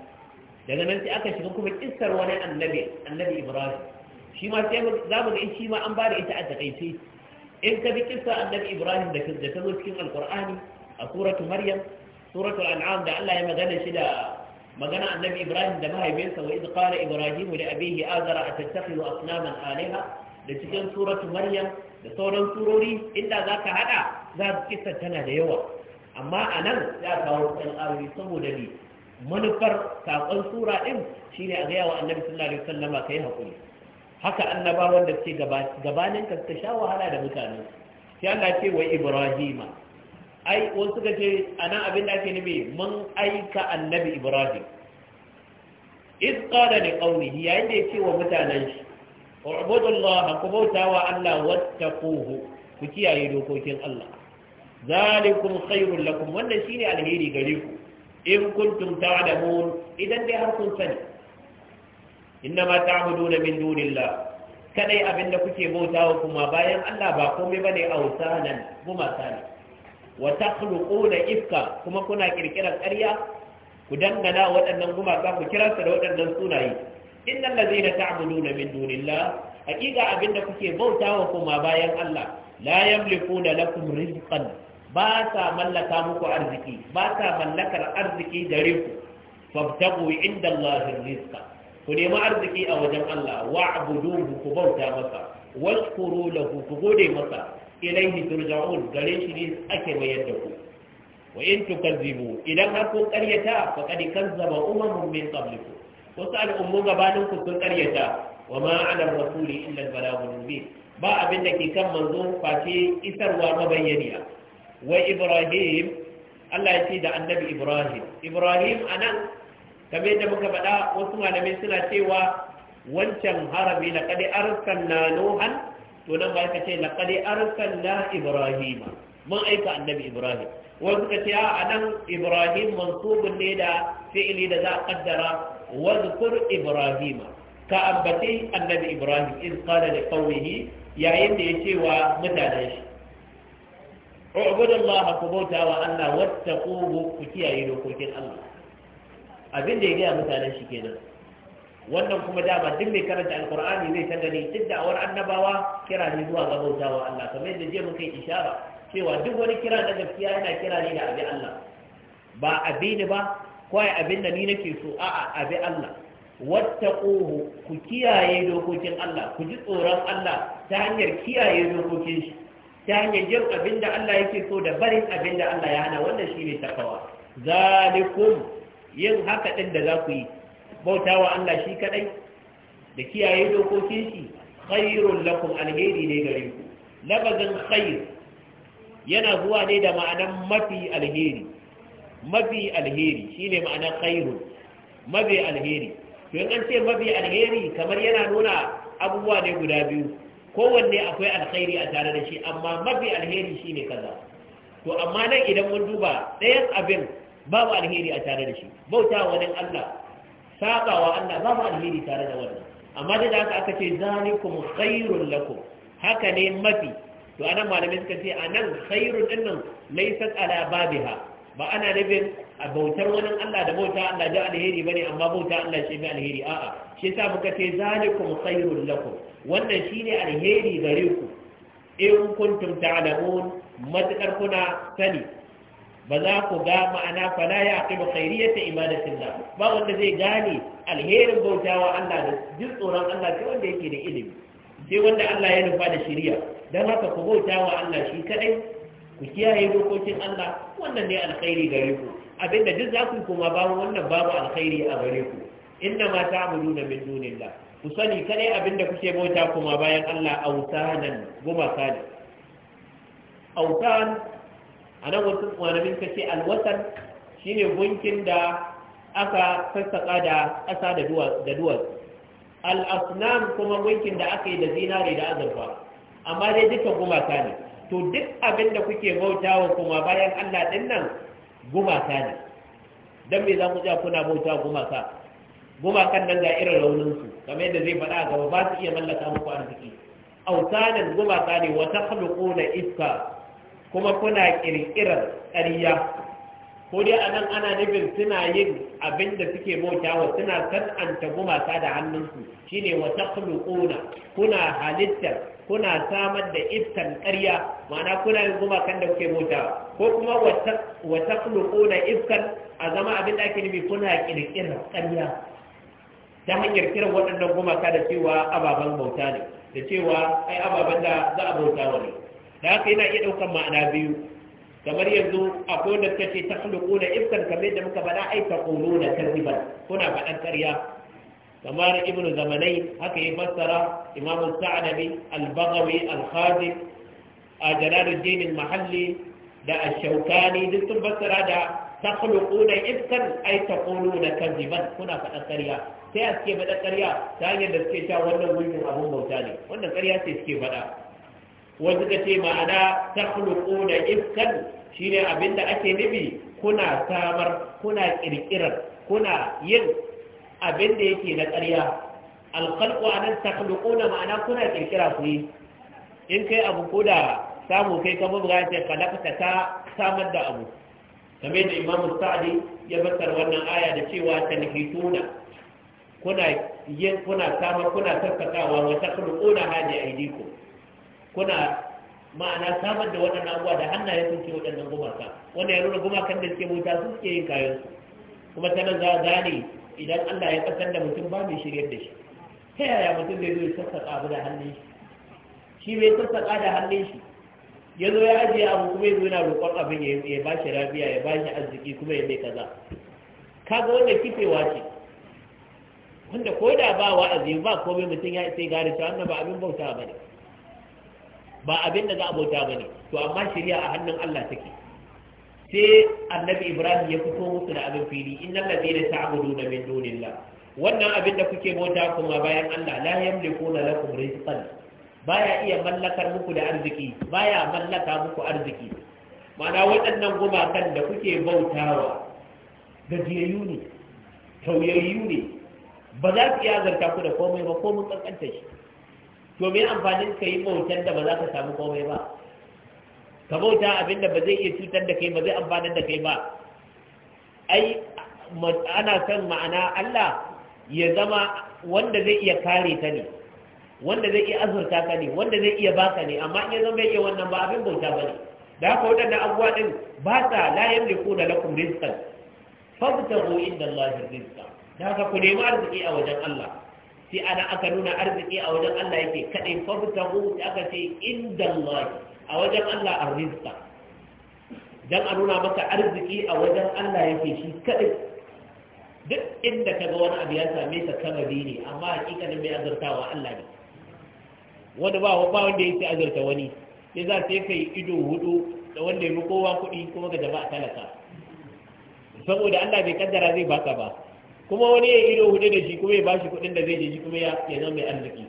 daga nan sai aka shiga kuma kissar wani annabi annabi Ibrahim shi ma sai za mu ga shi ma an ba da ita a takaice in ka bi kissa annabi Ibrahim da ta zo cikin alkur'ani a suratu maryam suratu an'am da Allah ya magana shi da magana annabi ibrahim da mahaifinsa wa idh qala ibrahim li abihi azara atattakhidhu asnaman alaha da cikin suratu maryam da sauran surori inda zaka hada za ka kissa tana da yawa amma anan ya kawo kan aure saboda ni manufar sakon sura din shine a gaya wa annabi sallallahu alaihi wasallam kai hakuri haka Annaba wanda suke gabanin ka ta sha wahala da mutane, sai Allah ce wa ibrahima ai wasu suka ce anan abin da ake nufi mun aika annabi ibrahim iz qala li qaumihi yayin da yake wa mutanen shi ubudullaha ku bautawa Allah wattaquhu ku kiyaye dokokin Allah zalikum khairul lakum wannan shine alheri gare ku in kuntum ta'lamun idan dai har kun sani innama ta'buduna min dunillah kadai abinda kuke bautawa kuma bayan Allah ba komai bane ausanan kuma sani wa takhluquna ifka kuma kuna ƙirƙirar ƙarya ku dangana waɗannan gumaka ku kira su da waɗannan sunaye innal ladzina ta'buduna min dunillah haƙiƙa abinda kuke bauta wa kuma bayan Allah la yamlikuna lakum rizqan ba sa mallaka muku arziki ba sa mallakar arziki gare ku fabtagu inda Allah rizqa ku nemi arziki a wajen Allah wa'buduhu ku bauta masa washkuru lahu ku gode masa ilaihi turja'un gare shi ne ake mayar da ku wa in tukazzibu idan har kun karyata faqad kazzaba umamun min qablikum wasu al'ummu gabanin ku sun karyata wa ma ala rasuli illa al-balaghul mubin ba abin da ke kan manzo face isarwa mabayyaniya wa ibrahim Allah ya ce da annabi ibrahim ibrahim anan kamar yadda muka faɗa wasu malamai suna cewa wancan harabi laqad na nuhan to nan ba ka ce laqad na ibrahima mun aika annabi ibrahim wai suka ce a nan ibrahim mansubun ne da fi'ili da za a kaddara wadhkur ibrahima ka ambace annabi ibrahim in kada da qawmihi yayin da ce wa mutanen shi ubudullaha ku bauta wa Allah wattaquhu ku kiyaye dokokin Allah abin da ya gaya mutanen shi kenan wannan kuma dama duk mai karanta alkur'ani zai ta gani duk da'awar annabawa kira ne zuwa ga bauta wa Allah kamar yadda je mu kai ishara cewa duk wani kira na gaskiya yana kira ne da abi Allah ba abi ne ba Ko ai abin da ni nake so a abi Allah wattaquhu ku kiyaye dokokin Allah ku ji tsoron Allah ta hanyar kiyaye dokokin shi ta hanyar jin abin da Allah yake so da barin abin da Allah ya hana wannan shine takawa zalikum yin haka din da za ku yi bautawa Allah shi kadai da kiyaye dokokin shi khairul lakum alheri ne gare ku labazin khair yana zuwa ne da ma'anan mafi alheri mafi alheri shine ma'anan khairu mafi alheri to in an ce mafi alheri kamar yana nuna abubuwa ne guda biyu kowanne akwai alkhairi a tare da shi amma mafi alheri shine kaza to amma nan idan mun duba ɗayan abin babu alheri a tare da shi bauta wani Allah sabawa Allah babu alheri tare da wannan amma da haka aka ce zalikum khairul lakum haka ne mafi to anan malamai suka ce anan khairu dinnan laysat ala babiha ba ana nufin a bautar wani Allah da bauta Allah da alheri bane amma bauta Allah shi alheri a'a shi yasa muka ce zalikum khairul lakum wannan shine alheri gare ku in kuntum ta'lamun matakar kuna sani ba za ku ga ma'ana fala ya aqibu khairiyata ibadatillah ba wanda zai gane alherin bautawa Allah da jin tsoron Allah sai wanda yake da ilimi sai wanda Allah ya nufa da shari'a dan haka ku bauta wa Allah shi kadai ku kiyaye dokokin Allah wannan ne alkhairi gare ku abinda duk za ku kuma babu wannan babu alkhairi a gare ku inna ma ta'buduna min dunillah ku sani kadai abinda kuke bauta kuma bayan Allah autanan gumaka ne autan anan wasu malamin kace alwatan shine gunkin da aka sassaƙa da ƙasa da duwatsu al'asnam kuma gunkin da aka yi da zinare da azurfa amma dai duka gumaka ne to duk abin da kuke bauta wa kuma bayan allah ɗin nan gumaka ne don me za mu ja kuna bauta gumaka gumakan nan ga irin rauninsu kamar yadda zai faɗa gaba ba su iya mallaka muku arziki Ausanin gumaka ne wata na iska kuma kuna ƙirƙirar ƙarya ko dai anan ana nufin suna yin abin da suke wa suna san'anta gumaka da hannunsu shine wa takhluquna kuna halittar kuna samar da ifkan karya ma'ana kuna yin gumakan da kuke bautawa ko kuma wa kuna ifkan a zama abin da ake nufi kuna ƙirƙirar ƙarya ta hanyar kiran waɗannan gumaka da cewa ababen bauta ne da cewa ai ababen da za a bauta wa ne da haka yana iya ɗaukar ma'ana biyu kamar yanzu akwai wanda suka ce takhluqu da ifkan kamar da muka bada aika taqulu da kadiban kuna faɗan ƙarya kamar ibnu zamanai haka yi fassara imamu sa'adabi al alhazi al a jalaluddin jinin mahalli da a shaukani duk sun fassara da takhluqu da ifkan aika taqulu da kadiban kuna faɗan ƙarya sai a suke faɗan ƙarya ta hanyar da suke sha wannan gulbin abun bauta ne wannan ƙarya sai suke faɗa wasu ka ce ma'ana ta da iskan shi ne abinda ake nufi kuna samar kuna kirkirar kuna yin abinda yake na karya Alkalku a nan ta da ma'ana kuna kirkira ku yi in kai abu ko da samu kai kamar ba ce kalakta ta samar da abu kamar da imam sa'adi ya basar wannan aya da cewa ta tanhituna kuna yin kuna samar kuna sassakawa wa ta kulquna hadi aidiku kuna ma'ana samar da waɗannan abuwa da hannaye sun ce waɗannan gumaka wanda ya nuna gumakan da suke mota su suke yin kayan su kuma ta nan za a gane idan Allah ya kasar da mutum ba mai shiryar da shi ta yaya mutum zai zo ya sassaƙa abu da hannun shi shi bai sassaƙa da hannun shi ya zo ya ajiye abu kuma ya zo yana roƙon abin ya ba shi rabiya ya ba shi arziki kuma ya mai kaza kaga wanda kifewa ce wanda ko da ba wa'azi ba komai mutum ya isa gane cewa annaba abin bauta ba ne ba abin da za a bauta ba ne to amma shirya a hannun Allah take sai annabi ibrahim ya fito musu da abin fili innal ladina ta'buduna min dunillah wannan abin da kuke bauta kuma bayan Allah la yamliku lakum rizqan baya iya mallakar muku da arziki baya mallaka muku arziki ma'ana waɗannan gumakan da kuke bautawa gajiyayyu ne tauyayyu ne ba za su iya zarta ku da komai ba ko mun kankanta shi to me amfanin ka yi bautar da ba za ka samu komai ba ka bauta abin da ba zai iya cutar da kai ba zai amfanar da kai ba ai ana son ma'ana Allah ya zama wanda zai iya kare ta ne wanda zai iya azurta ka ne wanda zai iya baka ne amma in ya zama iya wannan ba abin bauta ba ne da haka waɗannan abubuwa ɗin ba sa la yamliku da lakum rizqan fabtaghu inda Allah rizqa da haka ku nemi arziki a wajen Allah sai ana aka nuna arziki a wajen Allah yake kadai fabtahu sai aka ce inda Allah a wajen Allah al-rizka. dan a nuna maka arziki a wajen Allah yake shi kadai duk inda ka ga wani abu ya same ka kama ne amma hakikalin mai azurtawa Allah ne wanda ba ba wanda yake azurta wani sai za sai kai ido hudu da wanda ya kowa kuɗi kuma ga jama'a talaka saboda Allah bai kaddara zai baka ba kuma wani ya ido hudu da shi kuma ya bashi kuɗin da zai je shi kuma ya zama mai arziki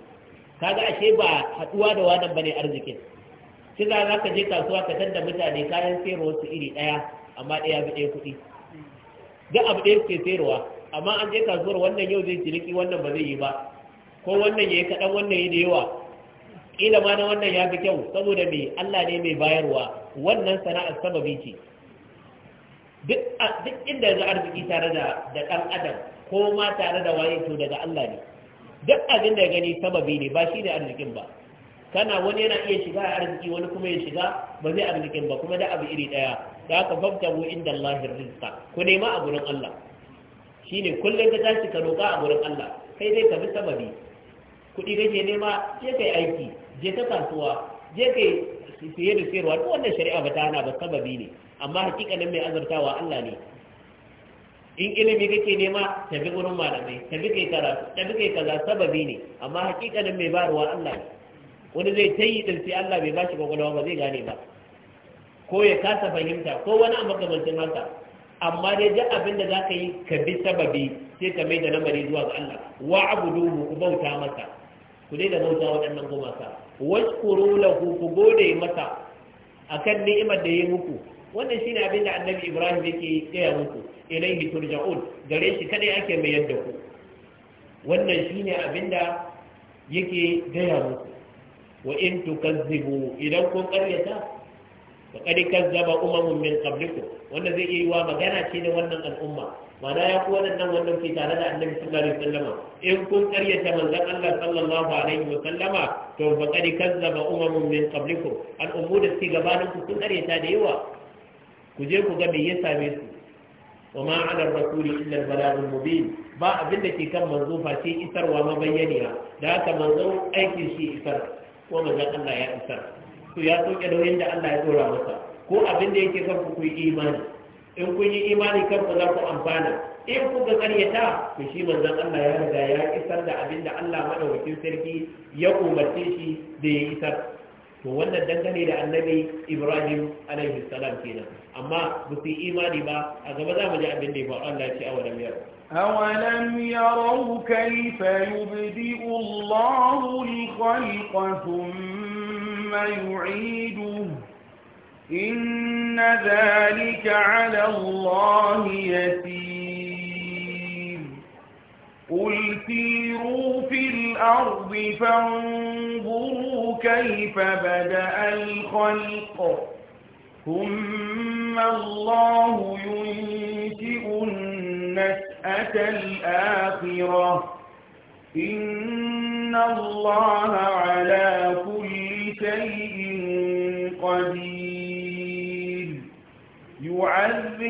kaga ashe ba haɗuwa da wannan bane arzikin shi za ka je kasuwa ka tanda mutane kayan sayarwa su iri ɗaya amma ɗaya bi ɗaya kuɗi Ga abu ɗaya suke sayarwa amma an je kasuwar wannan yau zai ciniki wannan ba zai yi ba ko wannan ya yi kaɗan wannan ya da yawa ƙila ma na wannan ya fi kyau saboda me Allah ne mai bayarwa wannan sana'ar sababi ce duk inda ga arziki tare da ɗan adam ko ma tare da waye to daga Allah ne duk abin da gani sababi ne ba shi ne arzikin ba kana wani yana iya shiga a arziki wani kuma ya shiga ba zai arzikin ba kuma da abu iri ɗaya da aka fafta mu inda Allah rizqa ku nema a gurin Allah shine kullum ka tashi ka roƙa a gurin Allah kai dai ka bi sababi kuɗi kake nema je kai aiki je ta kasuwa je yi siye da siyarwa duk wannan shari'a ba ta hana ba sababi ne amma hakikanin mai azurtawa Allah ne in ilimi kake nema tafi wurin malamai tafi kai kara tafi kai kaza sababi ne amma hakikanin mai bayarwa Allah ne wani zai ta yi sai Allah bai bashi kwakwalwa ba zai gane ba ko ya kasa fahimta ko wani a makamancin haka amma dai duk abin da za ka yi ka bi sababi sai ka mai da lamari zuwa ga Allah wa abuduhu ubauta masa ku da bauta waɗannan gumaka washkuru lahu ku gode masa akan ni'imar da ya muku wannan ne abin da annabi ibrahim yake gaya muku ilaihi turja'un gare shi kaɗai ake mayar da ku wannan ne abin da yake gaya muku wa in tukazzibu idan kun karyata fa qad kazzaba umamun min qablikum wanda zai yi wa magana ce da wannan al'umma mana ya ku waɗannan wannan fita tare da annabi sallallahu alaihi wasallam in kun karyata manzon Allah sallallahu alaihi wasallam to fa qad kazzaba umamun min qablikum al ummu da su gabanin ku kun da yawa ku je ku ga me ya same su wa ma ala rasuli illa al balagul mubin ba abin da ke kan manzo fa sai isarwa mabayyaniya da haka manzo aikin shi isar ko manzon Allah ya isar to ya soke nauyin da Allah ya dora masa ko abin da yake kan ku ku imani in kun yi imani kan za ku amfana in kuka karyata to shi manzon Allah ya riga ya isar da abin da Allah madaukakin sarki ya umarce shi da ya isar to wannan dangane da annabi Ibrahim alaihi salam kenan amma ba su imani ba a gaba za mu ji abin da ya faru Allah ya ce a walam yaro أولم يروا كيف يبدئ الله الخلق ثم يعيده إن ذلك على الله يسير قل سيروا في الأرض فانظروا كيف بدأ الخلق ثم الله ينشئ النشأة الآخرة إن الله على كل شيء قدير يعذب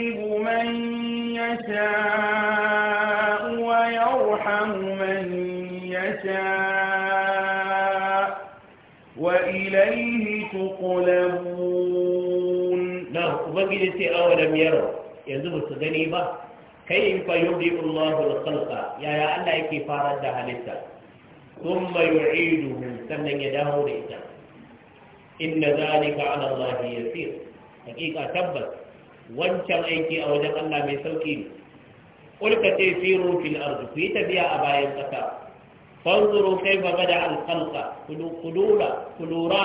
من يشاء ويرحم من يشاء وإليه تقلبون نعم وبقي لسي لم يروا ينزل السدنيبة كيف يبدئ الله الخلق يا يا الله يكي فارد هلسة ثم يعيده سنة يدهو لإسان إن ذلك على الله يسير حقيقة تبت wancan aiki a wajen Allah mai sauki ne ulka ce fi rufin ardi ku yi tafiya a bayan kasa fanzuru kaifa bada al Ku lura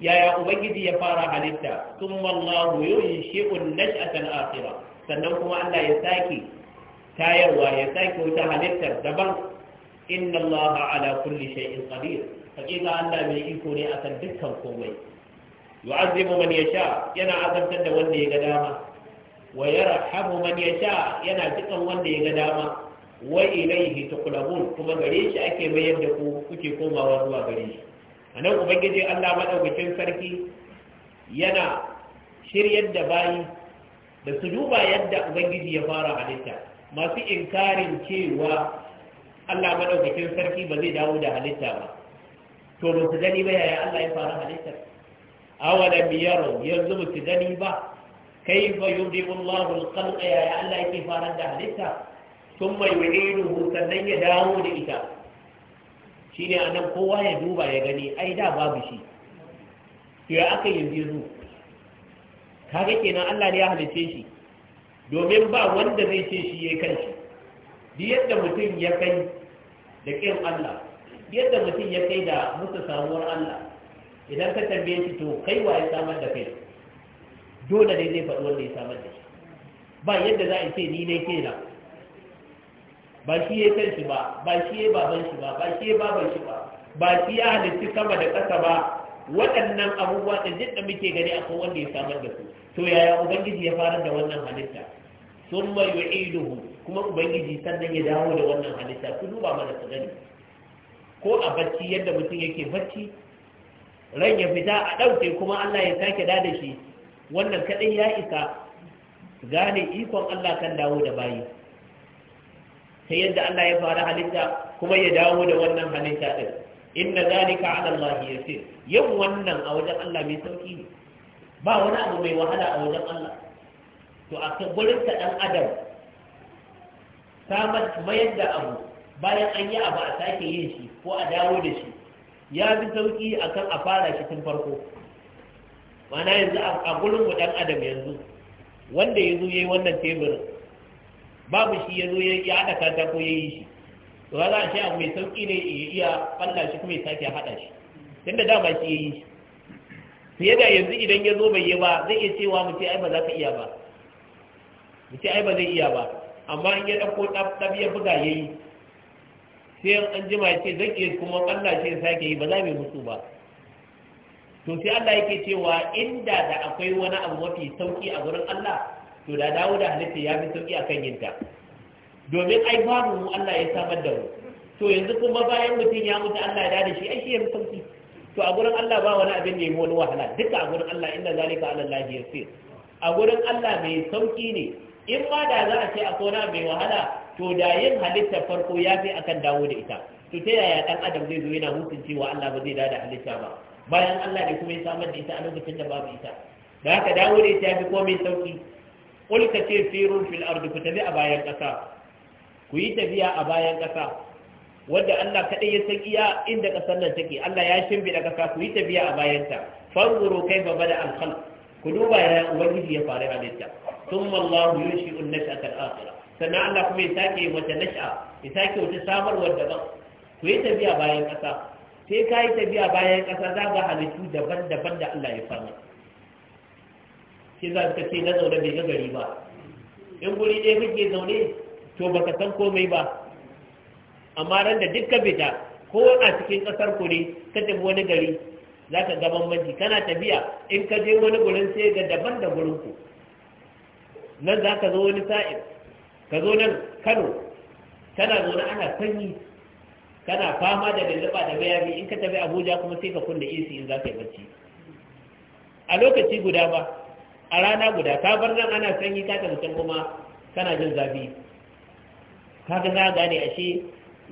yaya ubangiji ya fara halitta thumma Allah yunshi'u an-nash'ata al-akhirah sannan kuma Allah ya sake tayarwa ya sake wata halittar daban inna Allah ala kulli shay'in qadir hakika Allah mai iko ne akan dukkan komai yu'azzibu man yasha yana azabtar da wanda ya ga dama wa habu man sha yana jikan wanda ya ga dama wa ilaihi tuqlabun kuma gare shi ake mayar da ku kuke komawa zuwa gare shi anan ubangiji Allah madaukakin sarki yana shiryar da bayi da su duba yadda ubangiji ya fara halitta masu inkarin cewa Allah madaukakin sarki ba zai dawo da halitta ba to ba su gani ba yaya Allah ya fara halitta awalam yaro yanzu ba su gani ba kaifa yudibu Allahu al-khalqa ya Allah yake fara da halitta thumma yu'iduhu sannan ya dawo da ita shine anan kowa ya duba ya gani ai da babu shi to ya aka yi yanzu kaga kenan Allah ne ya halice shi domin ba wanda zai ce shi kan shi. duk yadda mutum ya kai da kin Allah duk yadda mutum ya kai da musu samuwar Allah idan ka tambaye shi to kai wa ya samar da kai dole ne zai faɗi wanda ya samar da shi ba yadda za a ce ni ne ke na ba shi ya kan shi ba ba shi ya baban shi ba ba shi ya baban shi ba ba shi ya halitti sama da ƙasa ba waɗannan abubuwa da duk da muke gani akwai wanda ya samar da su to yaya ubangiji ya fara da wannan halitta sun mai yu'iduhu kuma ubangiji sannan ya dawo da wannan halitta su duba mana su gani ko a bacci yadda mutum yake bacci ran ya fita a ɗauke kuma Allah ya sake da da shi wannan kaɗai ya isa gane ikon Allah kan dawo da bayi ta yadda Allah ya fara halitta kuma ya dawo da wannan halitta din inna zalika ala Allah yasir yin wannan a wajen Allah mai sauki ne ba wani abu mai wahala a wajen Allah to a gurin ka dan adam samar mayar da abu bayan an yi abu a sake yin shi ko a dawo da shi ya fi sauki akan a fara shi tun farko mana yanzu a gurin mu dan adam yanzu wanda ya zo ya yi wannan teburin babu shi ya zo ya haɗa katako ya yi shi to za a shi abu mai sauƙi ne ya iya falla shi kuma ya sake haɗa shi tunda dama shi ya yi shi fiye da yanzu idan ya zo bai yi ba zai iya cewa mu ce ai ba za ka iya ba mu ce ai ba zai iya ba amma in ya ɗauko ɗaf ya buga ya yi sai an jima ce zai iya kuma falla shi ya sake yi ba za mu yi musu ba to sai Allah yake cewa inda da akwai wani abu mafi sauki a gurin Allah to da dawo da halitta ya fi sauki akan yinta domin ai babu mu Allah ya samar da mu to yanzu kuma bayan mutum ya mutu Allah ya dade shi ai shi ya fi sauki to a gurin Allah ba wani abin da ya wani wahala duka a gurin Allah inna zalika ala Allah yasir a gurin Allah mai sauki ne in ma da za a ce a kona mai wahala to da yin halitta farko ya fi akan dawo da ita to ta yaya dan adam zai zo yana hutun cewa Allah ba zai dada halitta ba bayan Allah ne kuma ya samar da ita a lokacin da babu ita da haka dawo da ita ya fi komai sauki kul ka ce firun fil ardi ku tafi a bayan ƙasa ku yi tafiya a bayan ƙasa wanda Allah kaɗai ya san iya inda ƙasar nan take Allah ya shimbi shimbiɗa ƙasa ku yi tafiya a bayan ta fanzuru kai ba bada alkhal ku duba ya ubangiji ya faru halitta thumma Allah yunshi'u an-nash'ata al-akhirah sannan Allah kuma ya sake wata nash'a ya sake wata samarwar daban ku yi tafiya bayan ƙasa sai ka yi tafiya bayan ƙasa za ga halittu daban-daban da Allah ya fara sai za ka ce na zaune bai gari ba in guri ɗaya kake zaune to baka san komai ba amma ran da dukkan fita ko a cikin ƙasar ku ne ka tafi wani gari za ka ga bambanci kana tafiya in ka je wani gurin sai ga daban da gurin ku nan za ka zo wani sa'in ka zo nan kano tana zaune ana sanyi kana fama da lulluɓa da mayafi in ka tafi abuja kuma sai ka kunna isi in za ka yi bacci a lokaci guda ba a rana guda ka bar nan ana sanyi ka tafi can kuma kana jin zafi ga za gane ashe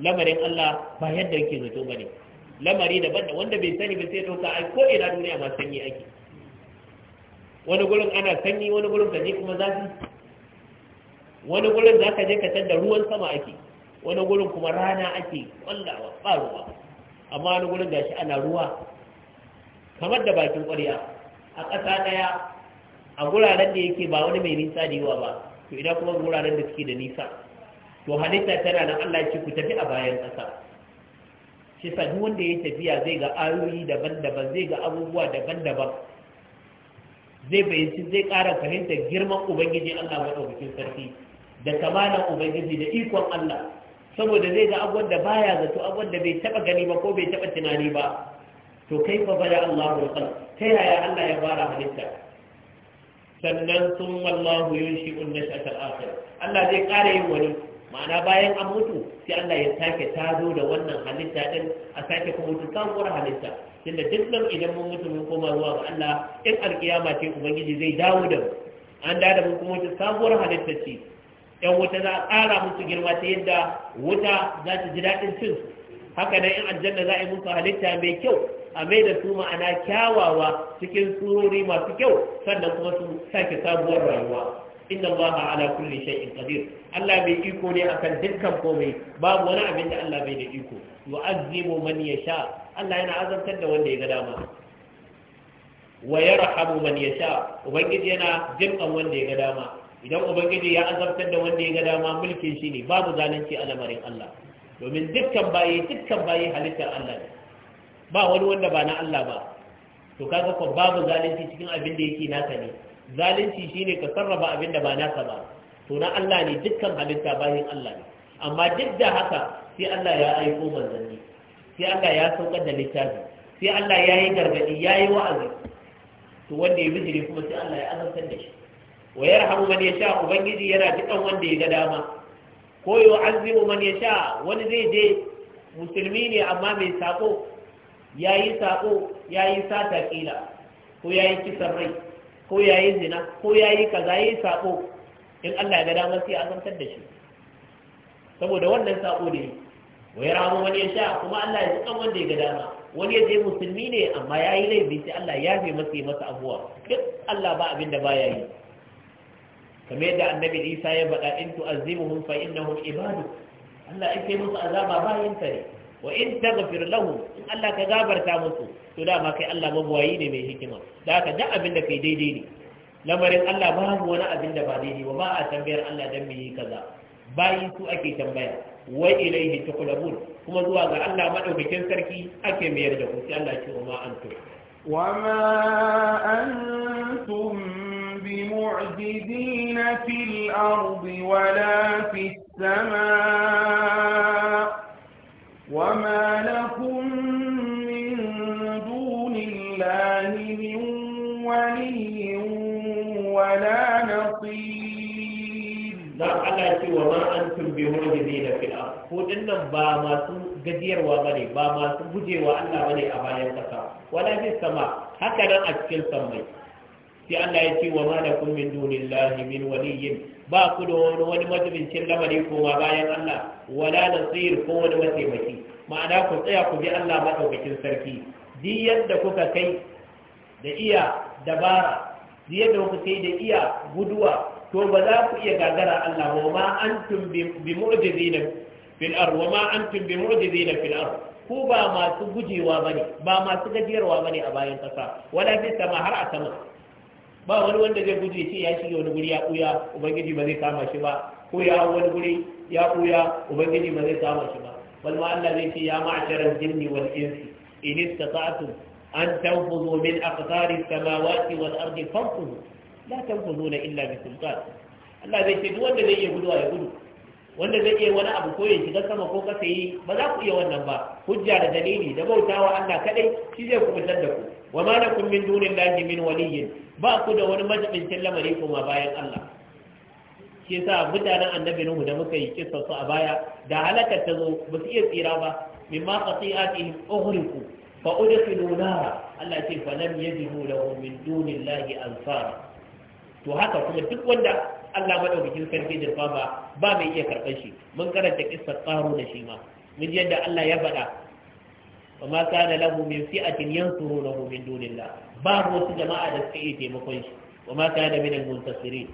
lamarin Allah ba yadda yake zato ba ne lamari daban da wanda bai sani ba sai ɗauka ai ko ina duniya ma sanyi ake wani gurin ana sanyi wani gurin ka je kuma zafi wani gurin za ka je ka tada ruwan sama ake wani gurin kuma rana ake wallawa ba ruwa amma wani gurin gashi ana ruwa kamar da bakin ƙwarya a ƙasa ɗaya a guraren da yake ba wani mai nisa da yawa ba to idan kuma guraren da suke da nisa to halitta tana nan Allah ce ku tafi a bayan ƙasa shi sa duk wanda ya tafiya zai ga ayoyi daban-daban zai ga abubuwa daban-daban zai bayyanci zai ƙara fahimtar girman ubangiji Allah madaukakin sarki da kamalan ubangiji da ikon Allah saboda zai ga abuwan da baya zato abuwan da bai taba gani ba ko bai taba tunani ba to kai fa bada Allahu al ta yaya Allah ya fara halitta sannan sun wallahu yunshi'un nash'at al-akhir Allah zai kare yin wani ma'ana bayan an mutu sai Allah ya sake tado da wannan halitta din a sake kuma mutu sabuwar halitta tunda duk nan idan mun mutu mun koma zuwa ga Allah in alkiyama ce ubangiji zai dawo da mu an da da mun kuma wata sabuwar halitta ce yan wuta za a ƙara musu girma ta yadda wuta za ta ji daɗin cin su haka nan in aljanna za a yi musu halitta mai kyau a mai da su ma'ana kyawawa cikin surori masu kyau sannan kuma su sake sabuwar rayuwa inna allaha ala kulli shay'in qadir allah bai iko ne akan dukkan komai babu wani abin da allah bai da iko yu'azzimu man yasha allah yana azabtar da wanda ya ga dama wa yarhamu man yasha ubangiji yana jinkan wanda ya ga dama idan ubangiji ya azabtar da wanda ya ga dama mulkin shi ne babu zalunci a lamarin Allah domin dukkan baye dukkan baye halittar Allah ne ba wani wanda ba na Allah ba to kaga ko babu zalunci cikin abin da yake naka ne zalunci shine ka sarrafa abin da ba naka ba to na Allah ne dukkan halitta bayan Allah ne amma duk da haka sai Allah ya aiko manzanni sai Allah ya saukar da littafi sai Allah ya yi gargadi ya yi wa'azi to wanda ya bijire kuma sai Allah ya azabtar da shi wa yarhamu man yasha ubangiji yana jikan wanda ya ga dama ko yu'azzimu man yasha wani zai je musulmi ne amma mai sako yayi sako yayi sata kila ko yayi kisan rai ko yayi zina ko yayi kaza yayi sako in Allah ya ga dama sai azantar da shi saboda wannan sako ne wa yarhamu man yasha kuma Allah ya jikan wanda ya ga dama wani ya je musulmi ne amma yayi laifi sai Allah ya yafe masa masa abuwa duk Allah ba abin da baya yi kamar yadda annabi isa ya faɗa in tu'azzimuhum fa innahum ibadu Allah ake kai musu azaba bayan ta ne wa in taghfir lahum in Allah ka gabarta musu to dama kai Allah mabwayi ne mai hikima da ka duk abin da kai daidai ne lamarin Allah ba wani abin da ba daidai ba ba a tambayar Allah dan me yi kaza bayi su ake tambaya wa ilaihi tuqlabun kuma zuwa ga Allah madaukakin sarki ake mayar da ku sai Allah ce wa ma antum wa ma antum بمعجزين في الأرض ولا في السماء وما لكم من دون الله من ولي ولا نصير لا ألا وما أنتم بمعجزين في الأرض فإنما باماتوا gajiyarwa bane ba masu gujewa Allah bane a bayan kasa wala fi sama haka nan a cikin sammai sai Allah ya ce wa ma lakum min dunillahi min waliyyin ba ku da wani wani majibincin lamari koma bayan Allah wala nasir ko wani mataimaki ma'ana ku tsaya ku bi Allah madaukakin sarki duk yadda kuka kai da iya dabara duk yadda kuka kai da iya guduwa to ba za ku iya gagara Allah wa ma antum bi mu'jizina fil ard wa ma antum bi mu'jizina fil ard ku ba masu gujewa bane ba masu gajiyarwa bane a bayan kasa wala fita sama har a sama ba wani wanda zai gudu ya ce ya shiga wani guri ya kuya ubangiji ba zai kama shi ba ko ya wani guri ya kuya ubangiji ba zai kama shi ba bal ma Allah zai ce ya ma'sharal jinni wal insi in istata'tum an tanfuzu min aqtaris samawati wal ardi fanfuzu la tanfuzuna illa bi sultan Allah zai ce duk wanda zai iya gudu ya gudu wanda zai iya wani abu ko ya shiga sama ko kasa yi ba za ku iya wannan ba hujja da dalili da bautawa Allah kadai shi zai kubutar da ku wa ma lakum min dunillahi min waliyyin ba ku da wani cin lamari kuma bayan Allah shi yasa mutanen annabi Nuhu da muka yi kissa su a baya da halakar ta zo ba su iya tsira ba mimma qati'atihim ughriqu fa udkhilu nara Allah ce fa lam yajidu lahum min dunillahi ansara to haka kuma duk wanda Allah madaukakin sarki da ba ba mai iya karɓar shi mun karanta kissar tsaro da shi ma mun ji yadda Allah ya faɗa wa ma kana lahu min fi'atin yansurunahu min dunillah ba wasu jama'a da suke iya taimakon shi wa ma kana min al-muntasirin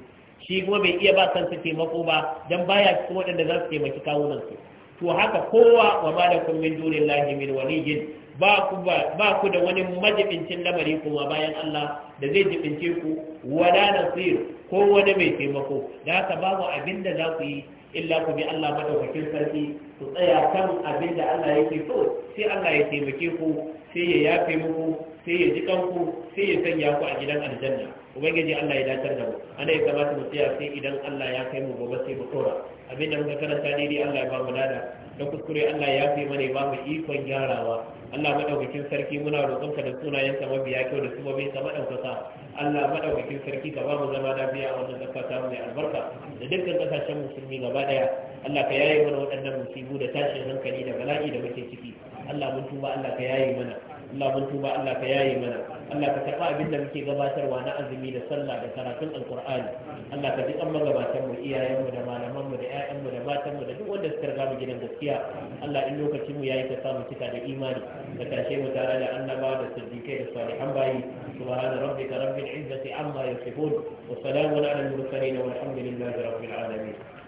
shi kuma bai iya ba kansa taimako ba dan baya cikin waɗanda za su taimaki kawunan su to haka kowa wa ma lakum min dunillahi min waliyyin ba ku da wani majibincin lamari kuma bayan Allah da zai jibince ku wala nasir ko wani mai taimako da haka babu abin da za ku yi illa ku bi Allah madaukakin sarki ku tsaya kan abin da Allah yake so sai Allah ya taimake ku sai ya yafe muku sai ya ji kanku sai ya sanya ku a gidan aljanna ubangiji Allah ya datar da mu ana ya kamata mu tsaya sai idan Allah ya kai mu gobe sai mu tsora abin da muka karanta daidai Allah ya ba mu dada. na kuskure Allah ya fi mana ba mu ikon gyarawa Allah madaukakin sarki muna roƙonka da sunayen sa mabiya kyau da kuma bai sama ɗaukaka Allah madaukakin sarki ka ba mu zama lafiya a wannan ƙasa ta mai albarka da dukkan kasashen musulmi gaba ɗaya Allah ka yaye mana waɗannan musibu da tashin hankali da bala'i da muke ciki Allah mun tuba Allah ka yaye mana Allah mun tuba Allah ka yaye mana Allah ka karɓa abin da muke gabatarwa na azumi da sallah da karatun alqur'ani Allah ka ji an magabatan mu iyayen mu da malaman mu da ƴaƴan mu da matan mu da duk wanda suka riga mu gidan gaskiya Allah in lokacin mu yayi ka sa mu cika da imani da tashe mu tare da annaba da siddiqai da salihan bayi subhana rabbika rabbil izzati amma yasifun wa salamun ala al mursalin والحمد لله رب العالمين